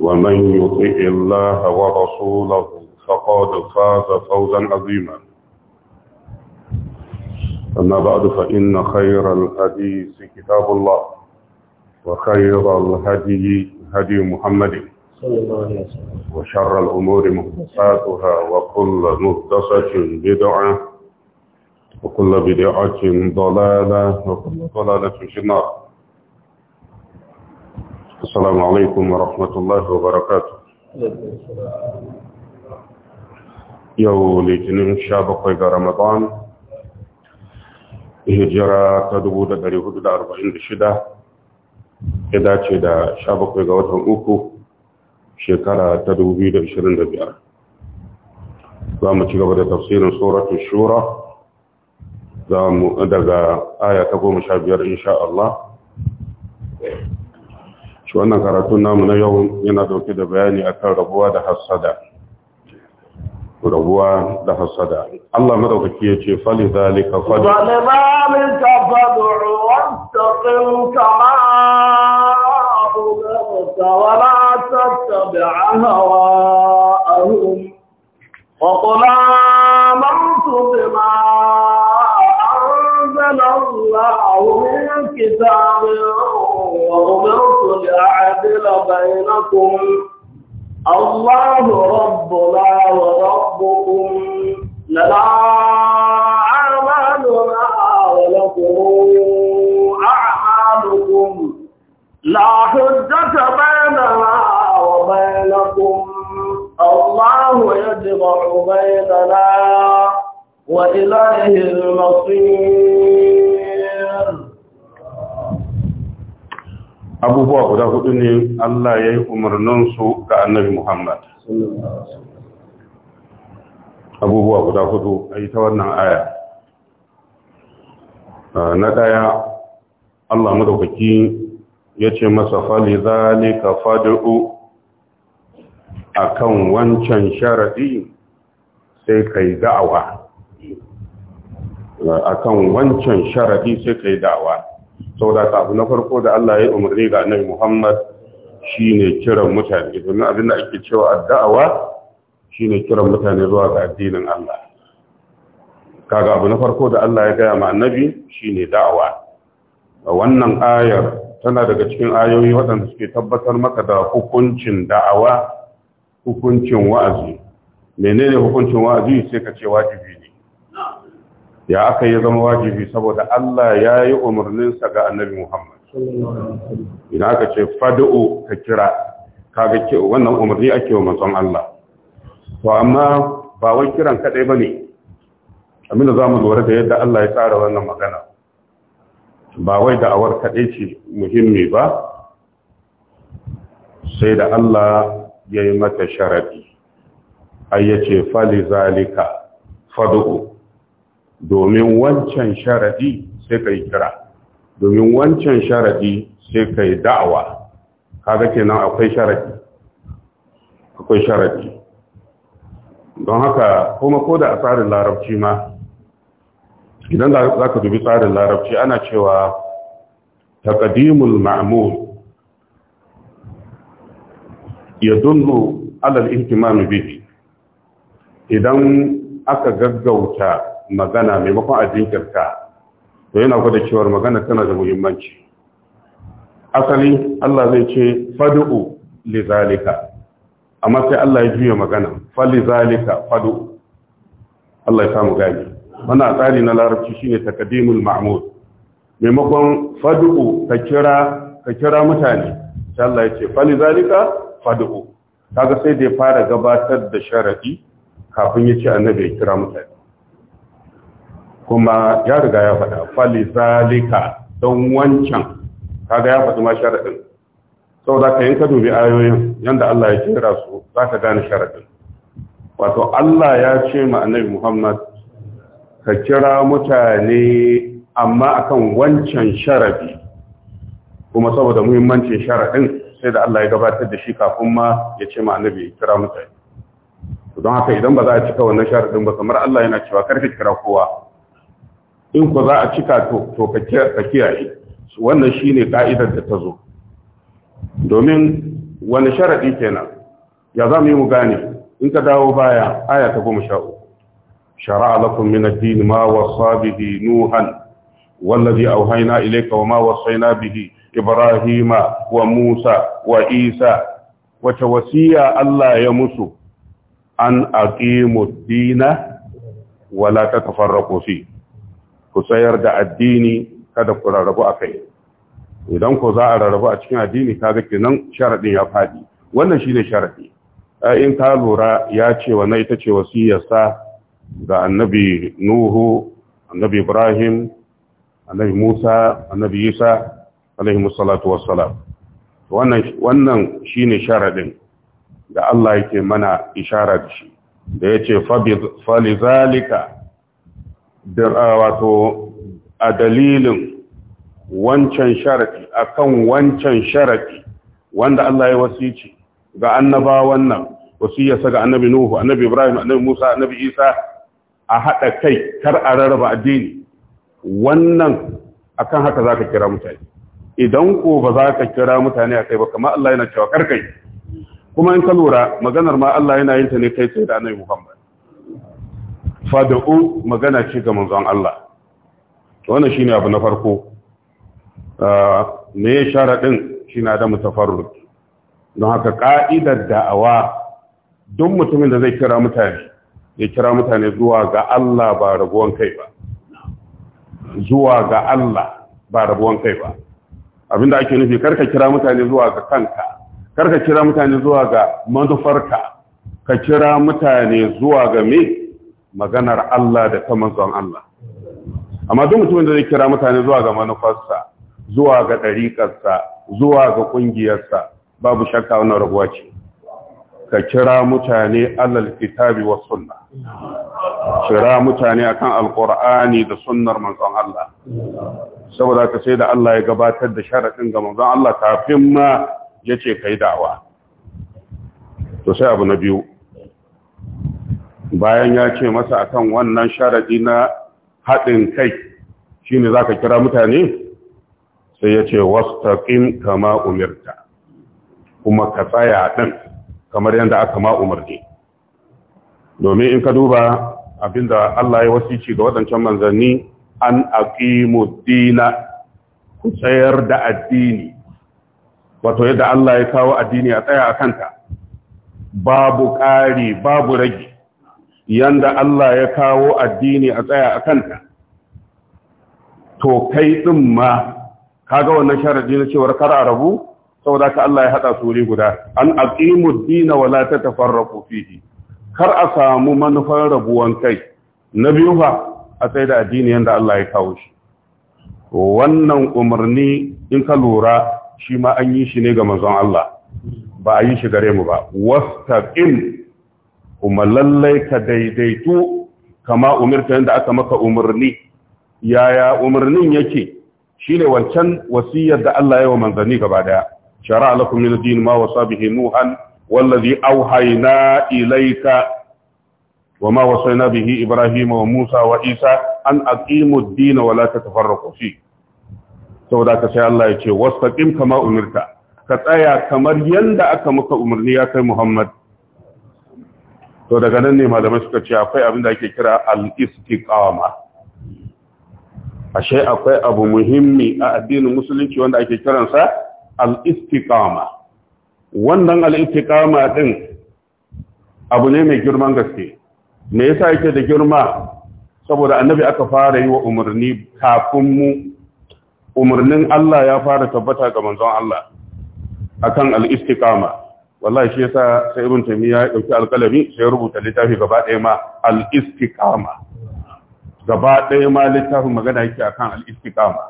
ومن يطع الله ورسوله فقد فاز فوزا عظيما أما بعد فإن خير الحديث كتاب الله وخير الهدي هدي محمد وشر الأمور محدثاتها وكل مهدسة بدعة وكل بدعة ضلالة وكل ضلالة في النار السلام عليكم ورحمة الله وبركاته يو لجنين شابق ويقى رمضان هجرة تدبو دا داري هدو دا أربعين دشدة إذا تشدا شابق ويقى وطن أوكو شكرا تدبو بيدا عشرين دبيار لما تشغب دا تفسير سورة الشورى زامو دقا آية تقوم شابير إن شاء الله shi wannan karatun namu na yau yana dauke da bayani akan rabuwa da hasada rabuwa da hasada Allah madaukaki ya ce fali zalika fadu zalika fadu wastaqim kama umirta wa la tattabi' ahwa'ahum wa qul amantu bima anzala Allah min kitabin wa يفصل بينكم الله ربنا وربكم لنا أعمالنا ولكم أعمالكم لا حجة بيننا وبينكم الله يجمع بيننا وإليه المصير abubuwa guda hudu ne Allah ya yi umarninsu ga annabi Muhammad abubuwa guda hudu a yi ta wannan aya ah, na ɗaya Allah madaukaki ya ce masa fali ka fad'u akan wancan sharaɗi sai yi da'awa akan wancan sharaɗi sai ka yi da'awa ah, saboda ka abu na farko da Allah ya umarni ga annabi Muhammad shine kiran mutane domin abin da ake cewa addu'a shine kiran mutane zuwa ga addinin Allah kaga abu na farko da Allah ya gaya ma annabi shine da'awa wannan ayar tana daga cikin ayoyi waɗanda suke tabbatar maka da hukuncin da'awa hukuncin wa'azi menene hukuncin wa'azi sai ka ce wajibi ya aka yi zama wajibi saboda Allah ya yi umarninsa ga annabi Muhammad. Ina aka ce fadu'u ka kira, kaga wannan umarni ake wa matsan Allah. To, amma ba wai kiran kaɗai ba ne, amina za mu lura da yadda Allah ya tsara wannan magana. Ba wai da awar kaɗai ce muhimmi ba, sai da Allah ya yi mata sharaɗi, Ayyace fali zalika fadu'u. domin wancan sharadi sai ka yi kira domin wancan sharadi sai ka yi da'awa kaga kenan akwai sharadi akwai sharadi don haka kuma ko da a tsarin larabci ma idan za ka dubi tsarin larabci ana cewa taqdimul ma'mul yadullu ala al-ihtimam bihi idan aka gaggauta magana maimakon a jinkirta to yana gwada cewar magana tana da muhimmanci asali Allah zai ce fadu'u li zalika amma sai Allah ya juya magana fali zalika fad'u Allah ya samu gani wannan tsari na larabci shine taqdimul ma'mud maimakon fadu'u ka kira ka kira mutane sai Allah ya ce fali zalika fad'u kaga sai da ya fara gabatar da sharadi kafin ya ce annabi ya kira mutane kuma ya riga ya faɗa fali zalika don wancan kaga ya faɗi ma sharaɗin saboda ka yin ka dubi ayoyin yanda Allah ya kira su za ka gane sharaɗin wato Allah ya ce ma annabi Muhammad ka kira mutane amma akan wancan sharaɗi kuma saboda muhimmancin sharaɗin sai da Allah ya gabatar da shi kafin ma ya ce ma annabi kira mutane don haka idan ba za a cika wannan sharaɗin ba kamar Allah yana cewa karfi kira kowa in ku za a cika to ka kiyaye wannan shine ƙa'idar da ta zo domin wani sharaɗi kenan ya za mu yi mu gane in ka dawo baya aya ta goma sha uku shara'a lakum min ad-din ma wasa bihi nuhan wallazi auhayna ilayka wa ma bihi ibrahima wa musa wa isa wata wasiya Allah ya musu an aqimu dina wala ta tatafarraqu ku tsayar da addini kada ku rarrabu a kai idan ku za a rarrabu a cikin addini kaga kenan sharadin ya fadi wannan shine sharadi in ka lura ya ce wannan ita ce wasiyarsa ga annabi nuhu annabi ibrahim annabi musa annabi isa alaihi musallatu wassalam wannan wannan shine sharadin da Allah yake mana isharar shi da yace fa bi zalika wato a dalilin wancan a akan wancan sharafi wanda Allah ya wasici ga annabawan nan wasiyarsa ga annabi Nuhu annabi Ibrahim annabi Musa annabi Isa a haɗa kai kar a rarraba addini wannan akan haka za ka kira mutane idan ko ba za ka kira mutane a kai ba kama Allah yana cewa karkai kuma in ka lura maganar ma Allah yana yin ta ne kai sai da annabi Muhammad fada'u magana ce ga manzon Allah wannan shine abu na farko ah, me din shine da mutafarruq don haka ka'idar da'awa duk mutumin da zai kira mutane ya kira mutane zuwa ga Allah ba rabuwan kai ba zuwa ga Allah ba rabuwan kai ba abinda ake nufi karka kira mutane zuwa ga kanka karka kira mutane zuwa ga manufarka ka kira mutane zuwa ga me maganar Allah da ta manzon Allah amma duk mutumin da zai kira mutane zuwa ga manufarsa zuwa ga ɗariƙarsa zuwa ga ƙungiyarsa babu shakka wannan rabuwa ce ka kira mutane alal kitabi wa sunna kira mutane akan alƙur'ani da sunnar manzon Allah saboda ka sai da Allah ya gabatar da sharaɗin ga manzon Allah kafin ma ya ka yi da'awa to sai abu na biyu bayan ya ce masa akan wannan sharadi na haɗin kai shine zaka kira mutane sai ya ce wastaqim kama umirta kuma ka tsaya ɗin kamar yadda aka ma umarni domin in ka duba abinda Allah ya wasici ga waɗancan manzanni an aqimu dina ku tsayar da addini wato yadda Allah ya kawo addini a tsaya a kanta babu ƙari babu ragi. yanda Allah ya kawo addini a tsaya a kanta to kai din ma kaga wannan sharadi na cewar kar a rabu saboda ka Allah ya haɗa su guda an aqimu ad wa la tatafarraqu fihi kar a samu manufar rabuwan kai na biyu fa a tsaye da addini yanda Allah ya kawo shi wannan umarni in ka lura shi ma an yi shi ne ga manzon Allah ba a yi shi gare mu ba wastaqim kuma lallai ka daidaitu kama umirta yadda aka maka umarni yaya umarnin yake shine wancan wasiyar da Allah ya wa manzanni gaba daya shara'a lakum min din ma wasa bihi nuhan wallazi awhayna ilayka wama wasayna bihi ibrahima wa musa wa isa an aqimu ad-din wa la tatafarraqu fi saboda ka sai Allah ya ce wastaqim kama umirta ka tsaya kamar yanda aka maka umarni ya kai Muhammad to daga nan ne malamai suka ce akwai abin da ake kira al-istiqama ashe akwai abu muhimmi a addinin musulunci wanda ake kiransa al-istiqama wannan al-istiqama din abu ne mai girman gaske me yasa yake da girma saboda annabi aka fara yi wa umarni kafin mu umarnin Allah ya fara tabbata ga manzon Allah akan al-istiqama wallahi shi yasa sai ibn taymiya ya dauki alkalami sai ya rubuta littafi gaba ɗaya ma al-istiqama gaba ɗaya ma littafin magana yake akan al-istiqama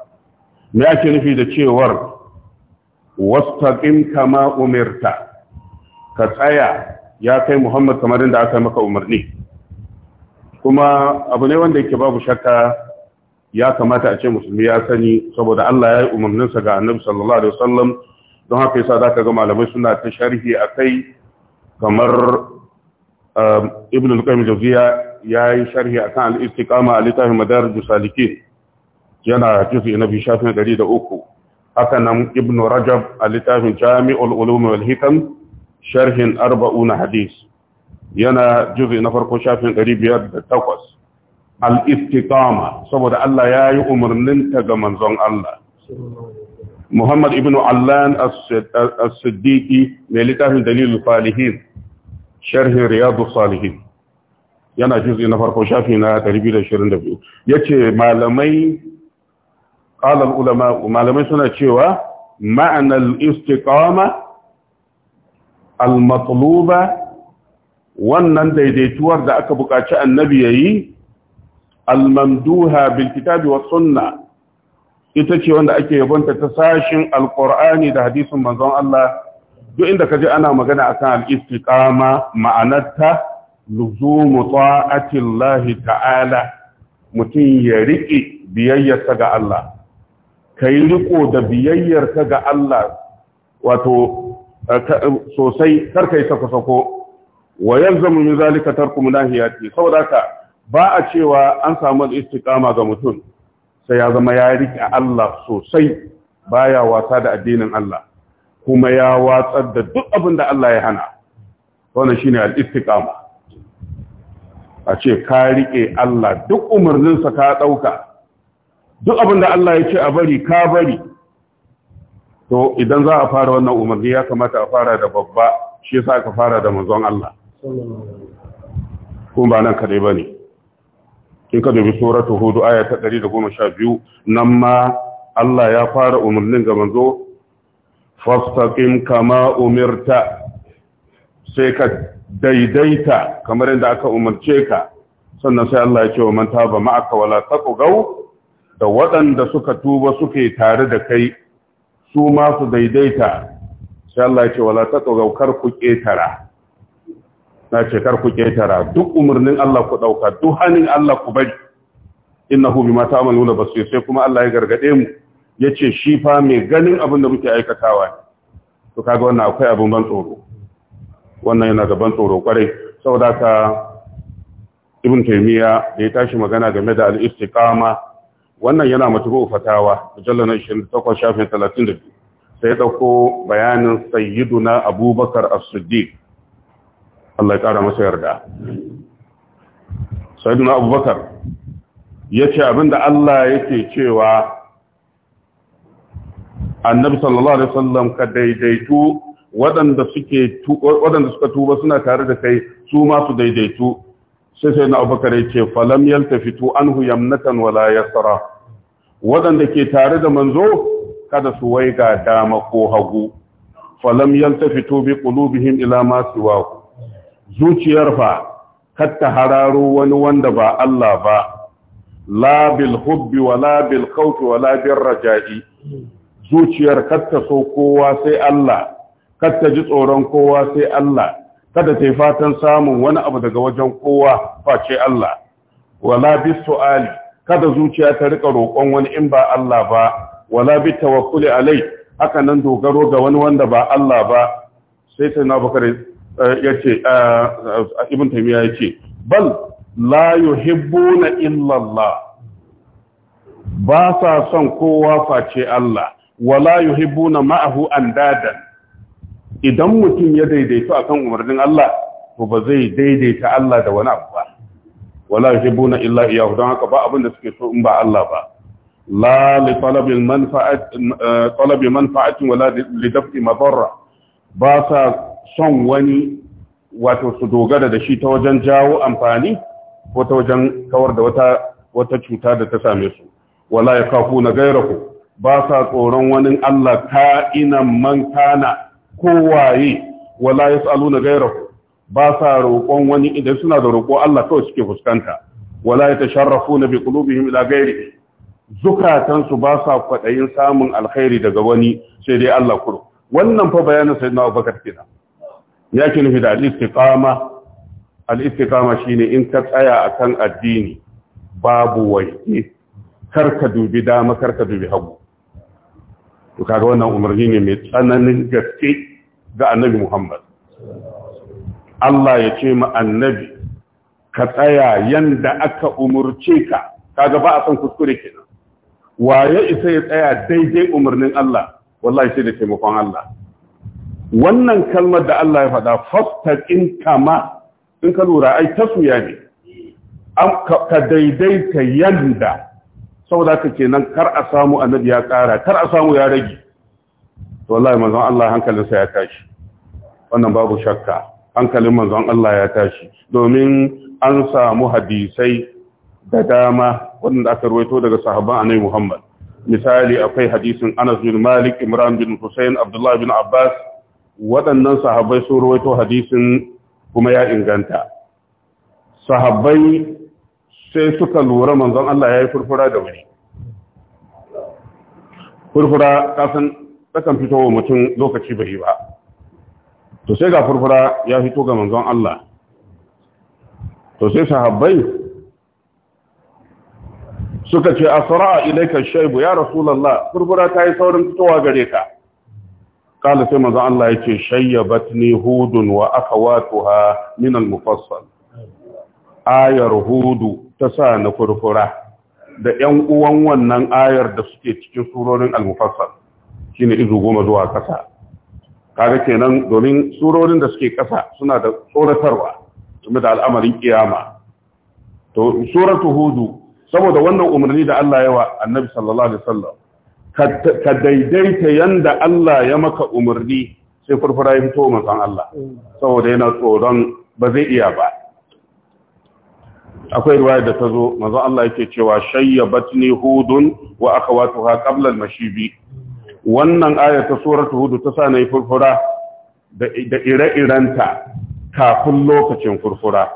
me ake nufi da cewar wastaqim kama umirta ka tsaya ya kai muhammad kamar inda aka maka umarni kuma abu ne wanda yake babu shakka ya kamata a ce musulmi ya sani saboda Allah ya yi umarninsa ga annabi sallallahu alaihi wasallam don haka yasa zaka ga malamai suna ta sharhi akai kamar um, ibn al-qayyim jawziya yayi sharhi akan al-istiqama a littafin madarij salikin yana juz'i na bi shafin 103 haka nan ibn rajab a littafin jami'ul ulum wal hikam sharhin 40 hadis yana juz'i na farko shafin 508 al-istiqama saboda Allah yayi umarnin ta ga manzon Allah Muhammad ibn Allan as-Siddiqi mai littafin dalilu salihin sharhin riyadu salihin yana juzi na farko shafi na 222 yace malamai qala ulama malamai suna cewa ma'anar al-istiqama al-matluba wannan daidaituwar da aka buƙaci annabi yayi al-mamduha bil kitabi was sunnah ita ce wanda ake yabonta ta sashin alqur'ani da hadisin manzon Allah duk inda kaje ana magana akan al-istiqama ma'anarta luzumu ta'ati Allah ta'ala mutum ya riƙe biyayyarsa ga Allah kai riko da biyayyarka ga Allah wato sosai karkai ta kusako wa yalzamu min zalika tarku munahiyati saboda ka ba a cewa an samu istiqama ga mutum sai ya zama ya rike Allah sosai baya wasa da addinin Allah kuma ya watsar da duk abin da Allah ya hana wannan shine al-istiqama a ce ka rike Allah duk umarninsa ka ɗauka. duk abin da Allah ya ce a bari ka bari to idan za a fara wannan umarni ya kamata a fara da babba shi yasa ka fara da manzon Allah kuma ba nan kadai bane in ka dubi suratu hudu aya ta 112 nan ma Allah ya fara umurnin ga manzo fastaqim kama umirta sai ka daidaita kamar yadda aka umarce ka sannan sai Allah ya ce wa man taba ma'aka wala taqaw da waɗanda suka tuba suke tare da kai su ma su daidaita sai Allah ya ce wala taqaw kar ku ketara na ce kar ku ketara duk umarnin Allah ku ɗauka, duk hanin Allah ku bari innahu bima ta'maluna basir sai kuma Allah ya gargade mu Ya ce shi fa mai ganin abin da muke aikatawa to kaga wannan akwai abin ban tsoro wannan yana da ban tsoro kwarai saboda ka ibn taymiya da ya tashi magana game da al-istiqama wannan yana matubu fatawa mujallal 28 shafin 32 sai ya dauko bayanin sayyiduna abubakar as-siddiq Allah ya ƙara masa yarda sayyidina abubakar ya ce abinda Allah yake cewa annabi sallallahu alaihi wasallam ka daidaitu waɗanda suke waɗanda suka tuba suna tare da kai su ma su daidaitu sai sai na abubakar ya ce falam yaltafitu anhu yamnatan wala yasra waɗanda ke tare da manzo kada su waiga dama ko hagu falam yaltafitu bi qulubihim ila ma siwahu zuciyar fa katta hararo wani wanda ba Allah ba la bil hubbi wa la bil khawfi wa la raja'i zuciyar katta so kowa sai Allah katta ji tsoron kowa sai Allah kada ta yi fatan samun wani abu daga wajen kowa face Allah wala bis su'ali kada zuciya ta rika roƙon wani in ba Allah ba wala bi tawakkuli alai haka nan dogaro ga wani wanda ba Allah ba sai sai na bakare Eh, yace eh, eh, ibn taymiya ce bal la yuhibbuna illa Allah ba sa son kowa face Allah wala yuhibbuna ma'ahu andadan idan mutum ya daidaito akan umarnin Allah to ba zai daidaita Allah da wani abu ba wala yuhibbuna illa iyahu don haka ba abin da suke so in ba Allah ba la li talabi manfa'at talabi manfa'atin wala li daf'i madarra ba sa son wani wato su dogara da shi ta wajen jawo amfani ko ta wajen kawar da wata wata cuta da ta same su wala ya kafu na gaira ku. ba sa tsoron wani Allah ina man kana kowaye wala ya salu na gaira ku. ba sa roƙon wani idan suna da roƙo Allah kawai suke fuskanta wala ya tasharrafu na bi qulubihim ila gairi zukatansu ba sa kwaɗayin samun alkhairi daga wani sai dai Allah kuro wannan fa bayanin sayyidina Abubakar kenan ya ke nufi da al’istikama al’istikama shi ne in ka tsaya a kan addini babu waje karka dubi dama karka dubi hagu to kaga wannan umarni ne mai tsananin gaske ga annabi muhammad Allah ya ce ma annabi ka tsaya yanda aka umurce ka kaga ba a san kuskure kenan waye isa ya tsaya daidai umarnin Allah wallahi sai da taimakon Allah wannan kalmar da Allah ya faɗa fastaqin kama in ka lura ai tasuya ne ka daidaita yadda saboda ka nan kar a samu annabi ya ƙara kar a samu ya rage to wallahi manzon Allah hankalinsa ya tashi wannan babu shakka hankalin manzon Allah ya tashi domin an samu hadisai da dama waɗanda aka ruwaito daga sahabban annabi Muhammad misali akwai hadisin Anas bin Malik Imran bin Hussein Abdullah bin Abbas waɗannan sahabbai sun ruwaito hadisin kuma ya inganta sahabbai sai suka lura manzon Allah ya yi furfura da wuri furfura kasan takan fito wa mutum lokaci bai ba to sai ga furfura ya fito ga manzon Allah to sai sahabbai suka ce asra ilaika shaybu ya rasulullah furfura ta yi saurin fitowa gare ka قال سيما ذا الله يتي شيبتني هود وأخواتها من المفصل آير هود تسان فرفرة da ‘yan uwan wannan ayar da suke cikin surorin al-mufassal shine izu goma zuwa ƙasa kaga kenan domin surorin da suke ƙasa suna da tsoratarwa game da al'amarin kiyama to suratu hudu saboda wannan umarni da Allah yawa annabi sallallahu alaihi wasallam ka daidaita yanda Allah ya maka umarni sai furfura ya fito manzon Allah saboda yana tsoron ba zai iya ba akwai riwaya da ta zo manzon Allah yake cewa shayyabatni hudun wa akhawatuha qabla al-mashibi wannan aya ta suratu hudu ta sa nayi furfura da ire-irenta kafin lokacin furfura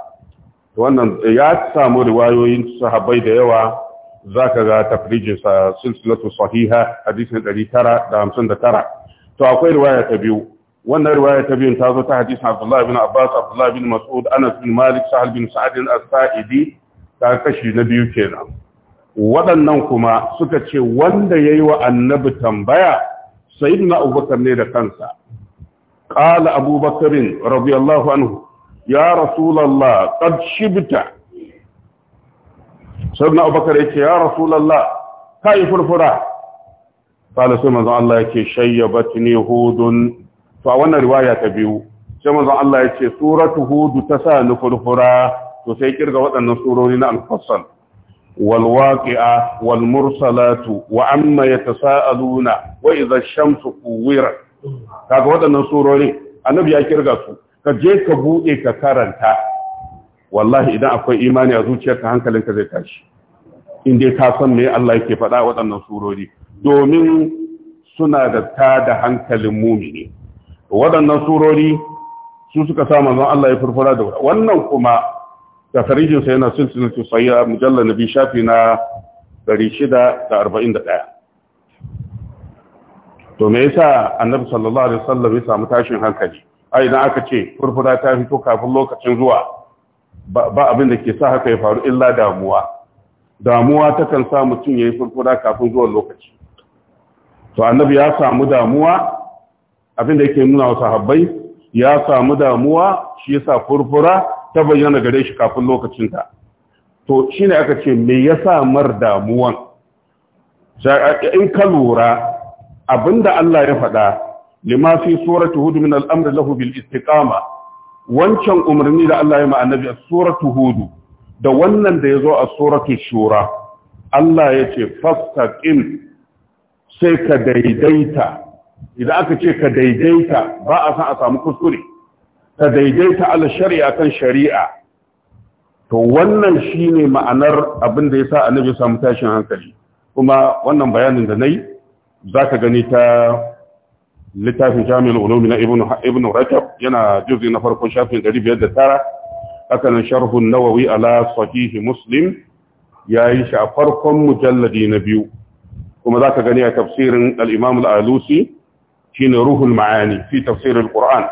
wannan ya samu riwayoyin sahabbai da yawa zaka ga tafrijin sa silsilatu sahiha hadisin 959 to akwai riwaya ta biyu wannan riwaya ta biyun ta zo ta hadisin Abdullah ibn Abbas Abdullah ibn Mas'ud Anas bin Malik Sahal bin Sa'ad as-Sa'idi ta kashi na biyu kenan waɗannan kuma suka ce wanda yayi wa annabi tambaya sayyidina Abubakar ne da kansa ƙala Abubakar radiyallahu anhu ya rasulullah qad shibta sayyidina abubakar yace ya rasulullah kai furfura qala sai manzon Allah yake shayyabatni hudun to a wannan riwaya ta biyu sai manzon Allah yace suratu hudu ta sa ni furfura to sai kirga waɗannan surori na al-fassal wal wal mursalatu wa amma yatasaaluna wa idha ash-shamsu kuwirat kaga waɗannan surori annabi ya kirga su ka je ka bude ka karanta wallahi idan akwai imani a zuciyarka hankalinka zai tashi in dai ka san me Allah yake faɗa waɗannan surori domin suna da tada hankalin mumini waɗannan surori su suka sa manzon Allah ya furfura da wannan kuma takarijin sa yana silsilatu sayya mujallal nabi shafi na 641 to me yasa annabi sallallahu alaihi wasallam ya samu tashin hankali ai idan aka ce furfura ta fito kafin lokacin zuwa ba abin da ke sa haka ya faru illa damuwa damuwa takan sa mutum ya yi furfura kafin zuwan lokaci to annabi ya samu damuwa abin da yake nuna wa sahabbai ya samu damuwa shi ya sa furfura ta bayyana gare shi kafin lokacinta to shine aka ce me yasa mar damuwan in ka lura abin da Allah ya faɗa lima fi suratu hud min al lahu bil istiqama wancan umarni da Allah ya ma annabi a suratu hudu da wannan da ya zo a suratu shura Allah ya ce fastaqim sai ka daidaita idan aka ce ka daidaita ba a san a samu kuskure ka daidaita ala shari'a kan shari'a to wannan shine ma'anar abin da yasa annabi ya samu tashin hankali kuma wannan bayanin da nayi zaka gani ta littafin jami'in ulumi na ibn rajab yana juzi na farkon shafin 509 haka nan sharhun nawawi ala sahihi muslim ya yi shi a farkon mujalladi na biyu kuma za ka gani a tafsirin al'imam al'alusi shi ne ruhul ma'ani fi tafsirin ƙur'an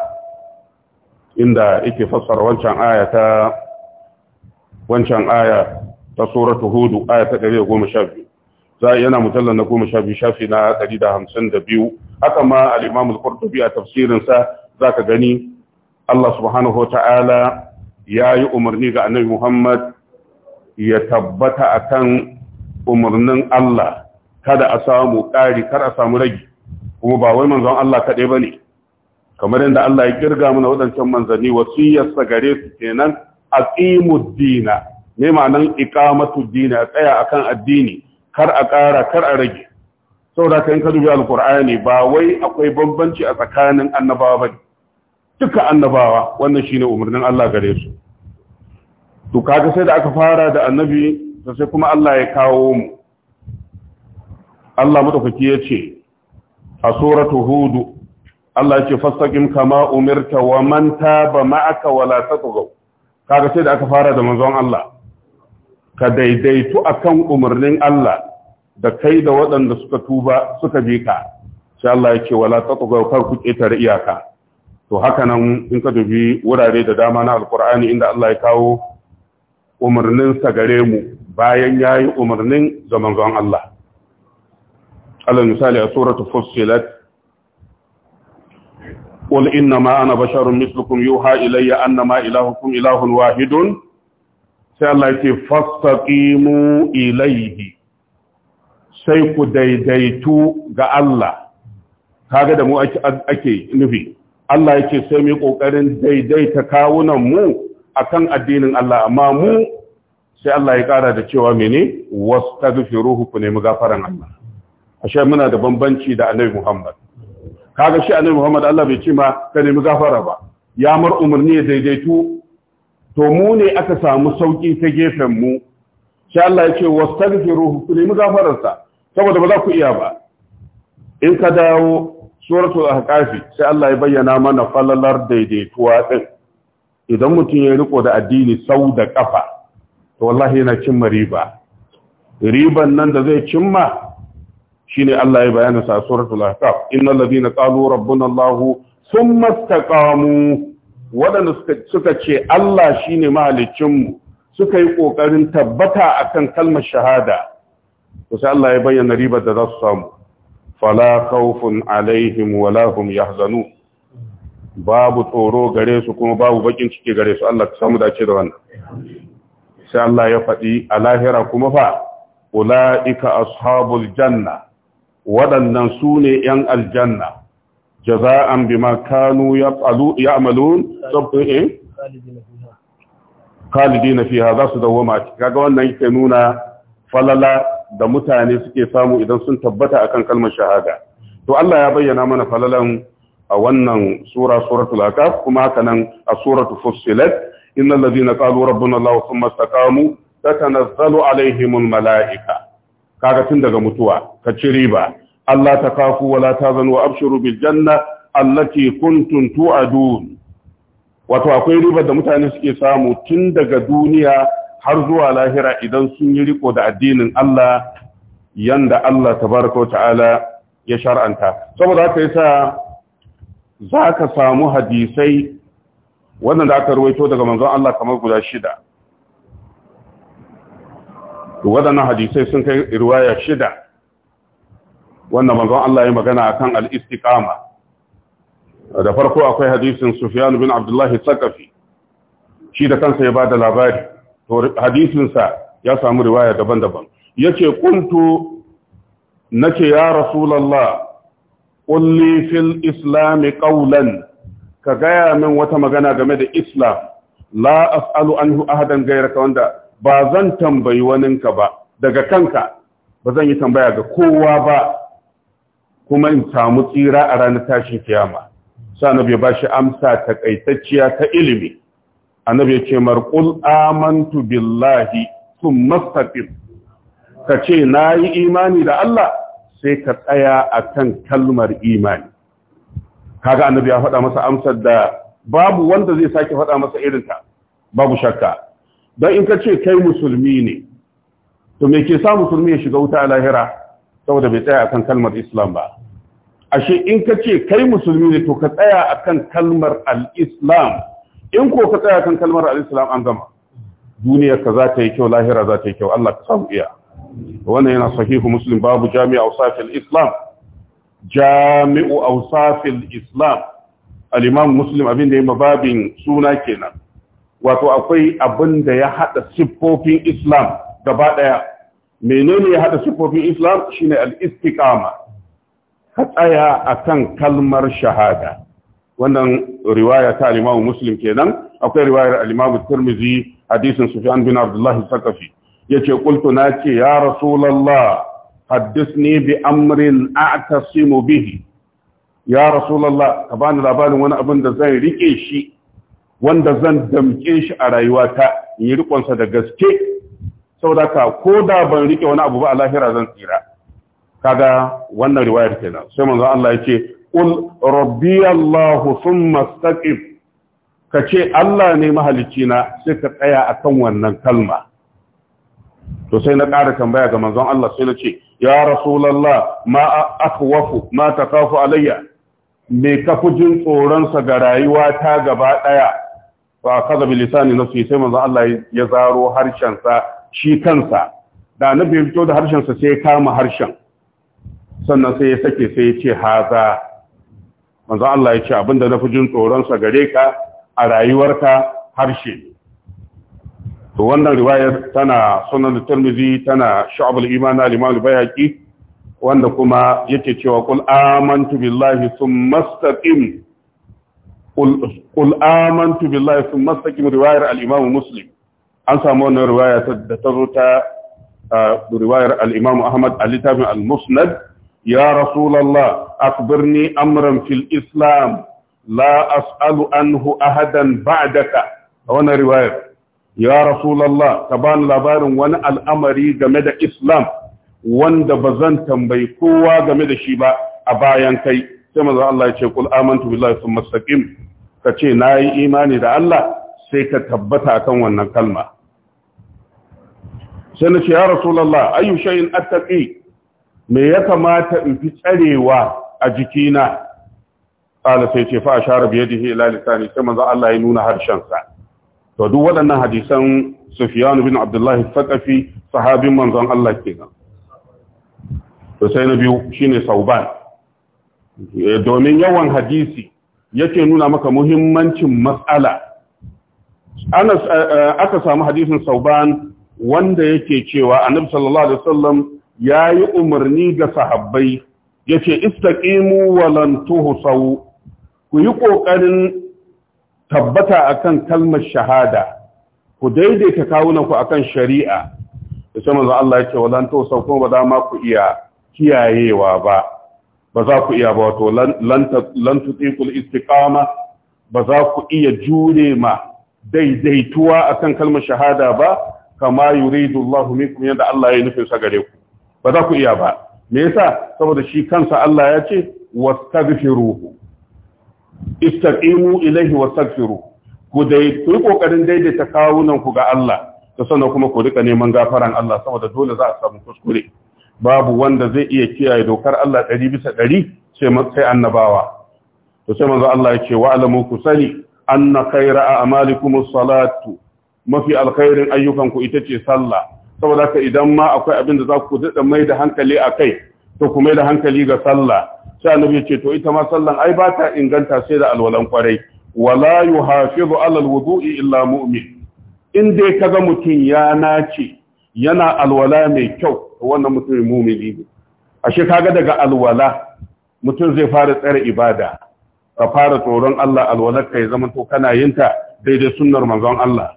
inda ike fassara wancan aya ta wancan aya ta suratu hudu aya ta 112 za yana mujallar na 12 shafi na 152 haka ma al-Imam a tafsirin sa zaka gani Allah subhanahu ya yayi umarni ga Annabi Muhammad ya tabbata akan umarnin Allah kada a samu ƙari kar a samu ragi kuma ba wai manzon Allah kaɗai ba ne kamar yadda Allah ya kirga mana waɗancan manzanni wasiyarsa gare su kenan aqimu dina ne ma'anan iqamatu dina tsaya akan addini kar a ƙara kar a rage saboda ka yi ka dubi alkur'ani ba wai akwai bambanci a tsakanin annabawa ba duka annabawa wannan shine umarnin Allah gare su to kaga sai da aka fara da annabi sai kuma Allah ya kawo mu Allah madaukaki ya ce a suratu hudu Allah yace ce fastaqim kama umirta wa man taba ma'aka la tatghaw kaga sai da aka fara da manzon Allah ka daidaitu akan umarnin Allah da kai da waɗanda suka tuba suka bi ka sha Allah ya ce wala taqwa kar ku ƙetare iyaka to haka nan in ka dubi wurare da dama na alqur'ani inda Allah ya kawo umarnin sa gare mu bayan yayi umarnin ga manzon Allah Allah misali a suratul fussilat قل إنما أنا بشر مثلكم يوحى إلي أنما إلهكم إله واحد سألتي فاستقيموا إليه sai ku daidaitu ga Allah kaga da mu ake nufi Allah yake sai mu kokarin daidaita kawunan mu akan addinin Allah amma mu sai Allah ya kara da cewa mene wastaghfiruhu ku nemi gafaran Allah ashe muna da bambanci da Annabi Muhammad kaga shi Annabi Muhammad Allah bai ce ma ka nemi gafara ba ya mar umarni ya daidaitu to mu ne aka samu sauki ta gefen mu sai Allah ya ce ruhu ku nemi gafararsa saboda ba za ku iya ba in ka dawo suratul ahqafi sai Allah ya bayyana mana falalar daidaituwa din idan mutum ya riko da addini sau da kafa to wallahi yana cimma riba riban nan da zai cimma shine Allah ya bayyana sa suratul ahqaf innal ladina qalu rabbuna Allah thumma istaqamu wadanda suka ce Allah shine mahaliccin mu suka yi kokarin tabbata akan kalmar shahada to sai Allah ya bayyana ribar da za su samu fala khawfun alaihim wala hum yahzanun babu tsoro gare su kuma babu bakin ciki gare su Allah ka samu dace da wannan sai Allah ya faɗi a lahira kuma fa ula'ika ashabul janna waɗannan su ne ‘yan aljanna jaza'an bi makanu ya amalun tsabtu'in eh, eh? kalidi na fiha za su ma, kaga wannan yake nuna falala da mutane suke samu idan sun tabbata akan kalmar shahada to Allah ya bayyana mana falalan a wannan sura suratul aqaf kuma haka nan a suratul fussilat innal ladina qalu rabbuna Allah thumma istaqamu tatanazzalu alaihimul malaika kaga tun daga mutuwa ka ci riba Allah kafu wala tazanu wa abshiru bil janna allati kuntum tu'adun wato akwai riba da mutane suke samu tun daga duniya har zuwa lahira idan sun yi riko da addinin Allah yanda Allah tabaraka ta'ala ya shar'anta saboda haka yasa zaka samu hadisai wannan da aka ruwaito daga manzon Allah kamar guda shida Wadannan hadisai sun kai riwaya shida wannan manzon Allah ya magana akan al-istiqama da farko akwai hadisin Sufyan bin Abdullah Saqafi shi da kansa ya bada labari to hadisinsa ya samu riwaya daban-daban yace kuntu nace ya rasulullah qulli fil islam qawlan ka gaya min wata magana game da islam la as'alu anhu ahadan gairaka wanda ba zan tambayi waninka ba daga kanka ba zan yi tambaya ga kowa ba kuma in samu tsira a ranar tashin kiyama sa na bai ba shi amsa takaitacciya ta ilimi annabi yake ce marqul amantu billahi thumma istaqim ka nayi imani da Allah sai ka tsaya akan kalmar imani kaga annabi ya faɗa masa amsar da babu wanda zai sake faɗa masa irin ta babu shakka don in ka kai musulmi ne to me ke sa musulmi ya shiga wuta a lahira saboda bai tsaya akan kalmar islam ba ashe in kace kai musulmi ne to ka tsaya akan kalmar al-islam in ko ka tsaya kan kalmar alaihissalam an gama duniyar ka za ta yi kyau lahira za ta yi kyau Allah ka samu iya wannan yana sahihu muslim babu jami'a awsafil islam jami'u awsafil islam al-imam muslim abin da ya babin suna kenan wato akwai abin da ya hada siffofin islam gaba daya menene ya hada siffofin islam shine al-istiqama ka tsaya akan kalmar shahada wannan riwaya ta al Muslim kenan akwai riwayar al-Imam hadisin Sufyan bin Abdullah Saqafi yace qultu nace ya Rasulullah haddithni bi amrin a'tasimu bihi ya Rasulullah ka bani labarin wani abin da zan rike shi wanda zan damke shi a rayuwata in yi rikonsa da gaske saboda ka ko da ban rike wani abu ba a lahira zan tsira kaga wannan riwayar kenan sai manzo Allah ya ce. qul rabbi thumma istaqim kace allah ne mahalicci na sai ka tsaya akan wannan kalma to sai na ƙara tambaya ga manzon Allah sai na ce ya rasulullah ma akhwafu ma takafu alayya me ka fi jin tsoron sa ga rayuwa ta gaba daya fa kaza bi lisani nafsi sai manzon Allah ya zaro harshen sa shi kansa da annabi ya fito da harshen sa sai ya kama harshen sannan sai ya sake sai ya ce haza manzo Allah ya ce abinda na fi jin tsoronsa gare ka a rayuwarka harshe to wannan riwayar tana sunan tirmidhi tana shu'abul iman na imam bayhaqi wanda kuma yake cewa qul amantu billahi thumma istaqim qul amantu billahi thumma istaqim riwayar al-imam muslim an samu wannan riwaya da ta zo ta uh, riwayar al-imam ahmad al-littafin al-musnad يا رسول الله أخبرني أمرا في الإسلام لا أسأل عنه أحدا بعدك وانا رواية يا رسول الله تبان لابار وانا الأمري جمد إسلام وانا بزن تنبي قوة جمد شيبا أبايا كي كما الله يقول آمنت بالله ثم استقيم كتي ناي إيماني دا الله سيكتبتا كان وانا كلمة سنة يا رسول الله أي شيء أتقي me ya kamata in fi tsarewa a jikina ƙala sai ce fa a share biye jihe ila lisani sai manzo Allah ya nuna harshensa to duk waɗannan hadisan Sufyan bin abdullahi al sahabin manzon Allah kenan to sai na biyu shine Sauban eh, domin yawan hadisi yake nuna maka muhimmancin matsala eh, eh, aka samu hadisin Sauban wanda yake cewa Annabi sallallahu alaihi wasallam ya yi umarni ga sahabbai ya ce istaƙimu walantuhu sau ku yi ƙoƙarin tabbata akan kalmar shahada ku daidaita kawunanku akan shari'a da sama za Allah ya ce walantuhu sau kuma ba za ma ku iya kiyayewa ba ba za ku iya ba wato tsikul istiƙama ba za ku iya jure ma daidaituwa akan kalmar shahada ba kama yuridu Allah minkum yadda Allah ya nufin sa gare ku ba za ku iya ba me yasa saboda shi kansa Allah ya ce wastaghfiruhu istaqimu ilaihi wastaghfiru ku dai ku kokarin daidaita kawunan ku ga Allah ta sannan kuma ku rika neman gafaran Allah saboda dole za a samu kuskure babu wanda zai iya kiyaye dokar Allah 100 bisa 100 sai sai annabawa to sai manzo Allah ya ce wa alamu ku sani anna khayra a'malikum salatu mafi alkhairin ayyukan ku ita ce sallah saboda haka idan ma akwai abin da za ku daɗa mai da hankali a kai to ku mai da hankali ga sallah sai annabi ya ce to ita ma sallan ai ba ta inganta sai da alwalan kwarai wala yuhafizu alal wudu'i illa mu'min in dai kaga mutum ya nace yana alwala mai kyau wannan mutumin mu'mini ne ashe kaga daga alwala mutum zai fara tsare ibada ka fara tsoron Allah alwalar ka ya zama to kana yin ta daidai sunnar manzon Allah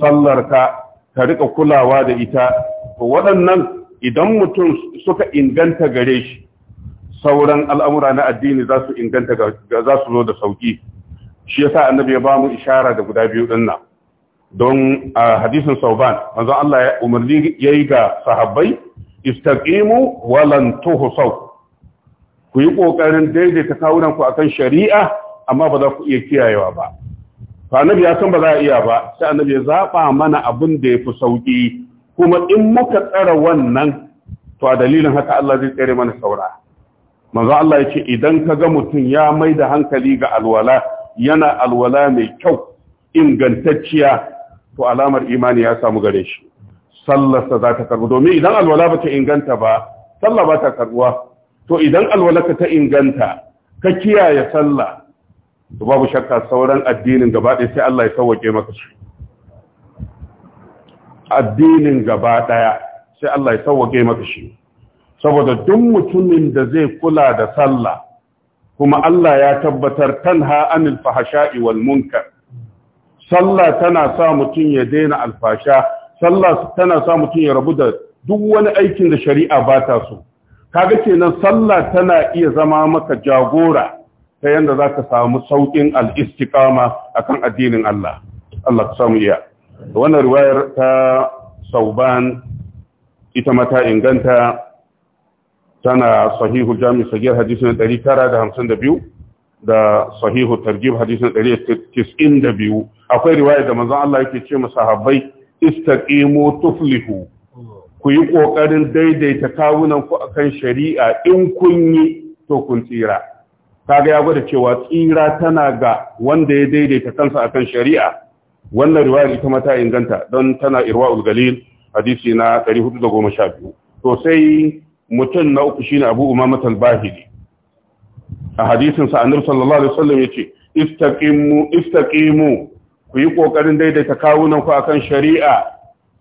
sallar ka ka rika kulawa da ita waɗannan idan mutum suka inganta gare shi sauran al'amura na addini za su inganta za su zo da sauki shi yasa annabi ya ba mu ishara da guda biyu din nan don a hadisin sauban manzon Allah ya umarni yayi ga sahabbai istaqimu walan sau. ku yi kokarin daidaita kawunan ku akan shari'a amma ba za ku iya kiyayewa ba to annabi ya san ba za a iya ba sai annabi ya zaba mana abin da ya fi sauki kuma in muka tsara wannan to a dalilin haka Allah zai tsere mana saura manzo Allah ya ce idan ka ga mutum ya mai da hankali ga alwala yana alwala mai kyau ingantacciya to alamar imani ya samu gare shi sallarsa za ta karbu domin idan alwala ba ta inganta ba sallah ba ta karbuwa to idan alwalaka ta inganta ka kiyaye sallah to babu shakka sauran addinin gaba ɗaya sai Allah ya sauwake maka shi addinin gaba ɗaya sai Allah ya sauwake maka shi saboda duk mutumin da zai kula da sallah kuma Allah ya tabbatar tanha anil fahasha'i wal munkar sallah tana sa mutum ya daina alfasha sallah tana sa mutum ya rabu da duk wani aikin da shari'a ba ta so kaga kenan sallah tana iya zama maka jagora ta yanda za ka samu sauƙin al'istikama a kan addinin Allah, Allah ka samu iya. Wannan riwayar ta sauban ita mata inganta tana sahihu jami sagir hadisun 952 da sahihu targib hadisun biyu. akwai riwaya da manzon Allah yake ce masa habai, istaƙimo tuflihu ku yi ƙoƙarin daidaita kawunan ku akan shari'a in kun yi to kun tsira kaga ya gwada cewa tsira tana ga wanda ya daidaita kansa akan shari'a wannan riwayar ita ma inganta don tana irwa galil hadisi na 412 to sai mutum na uku shine Abu Umama al a hadisin sa Annabi sallallahu alaihi wasallam yace istaqimu istaqimu ku yi kokarin daidaita kawunan ku akan shari'a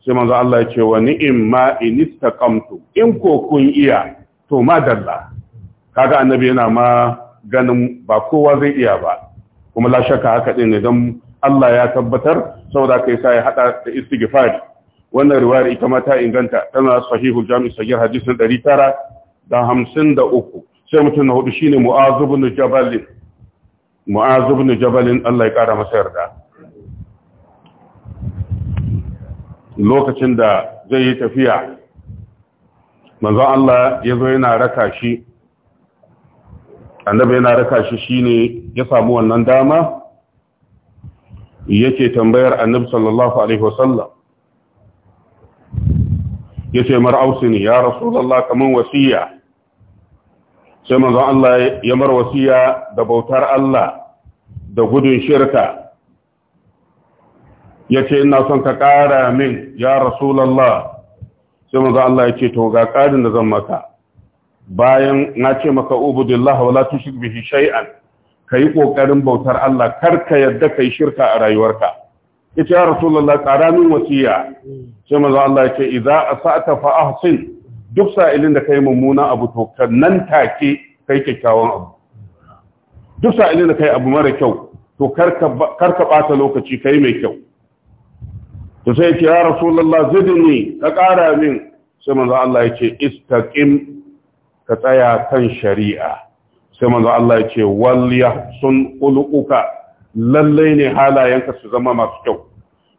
sai manzo Allah ya ce wa ma in istaqamtu in ko kun iya to madalla kaga annabi yana ma ganin ba kowa zai iya ba kuma la shakka haka din dan Allah ya tabbatar saboda kai sai hada da istighfari wannan riwayar ita ma ta inganta tana sahihul jami sahih hadisin tara da 53 sai mutum na hudu shine mu'az ibn jabal mu'az ibn jabal Allah ya kara masa yarda lokacin da zai yi tafiya manzon Allah ya zo yana raka shi annabi yana raka shi shine ya samu wannan dama yake tambayar annabi sallallahu alaihi wasallam yace mar ausini ya rasulullah kaman wasiya sai manzon Allah ya mar wasiya da bautar Allah da gudun shirka yace ina son ka ƙara min ya rasulullah sai manzon Allah yace to ga ƙarin da zan maka bayan na ce maka ubudillah wala tushrik bihi shay'an kai kokarin bautar Allah kar ka yadda kai shirka a rayuwarka yace ya rasulullah min wasiya sai maza Allah yace idza asata fa ahsin duk sa'ilin da kai mummuna abu to nan take kai kyakkyawan abu duk sa'ilin da kai abu mara kyau to kar ka bata lokaci kai mai kyau to sai yace ya rasulullah zidni ka kara min sai maza Allah yace istaqim ka tsaya kan shari'a sai manzo Allah ya ce walliya sun quluka lallai ne halayenka su zama masu kyau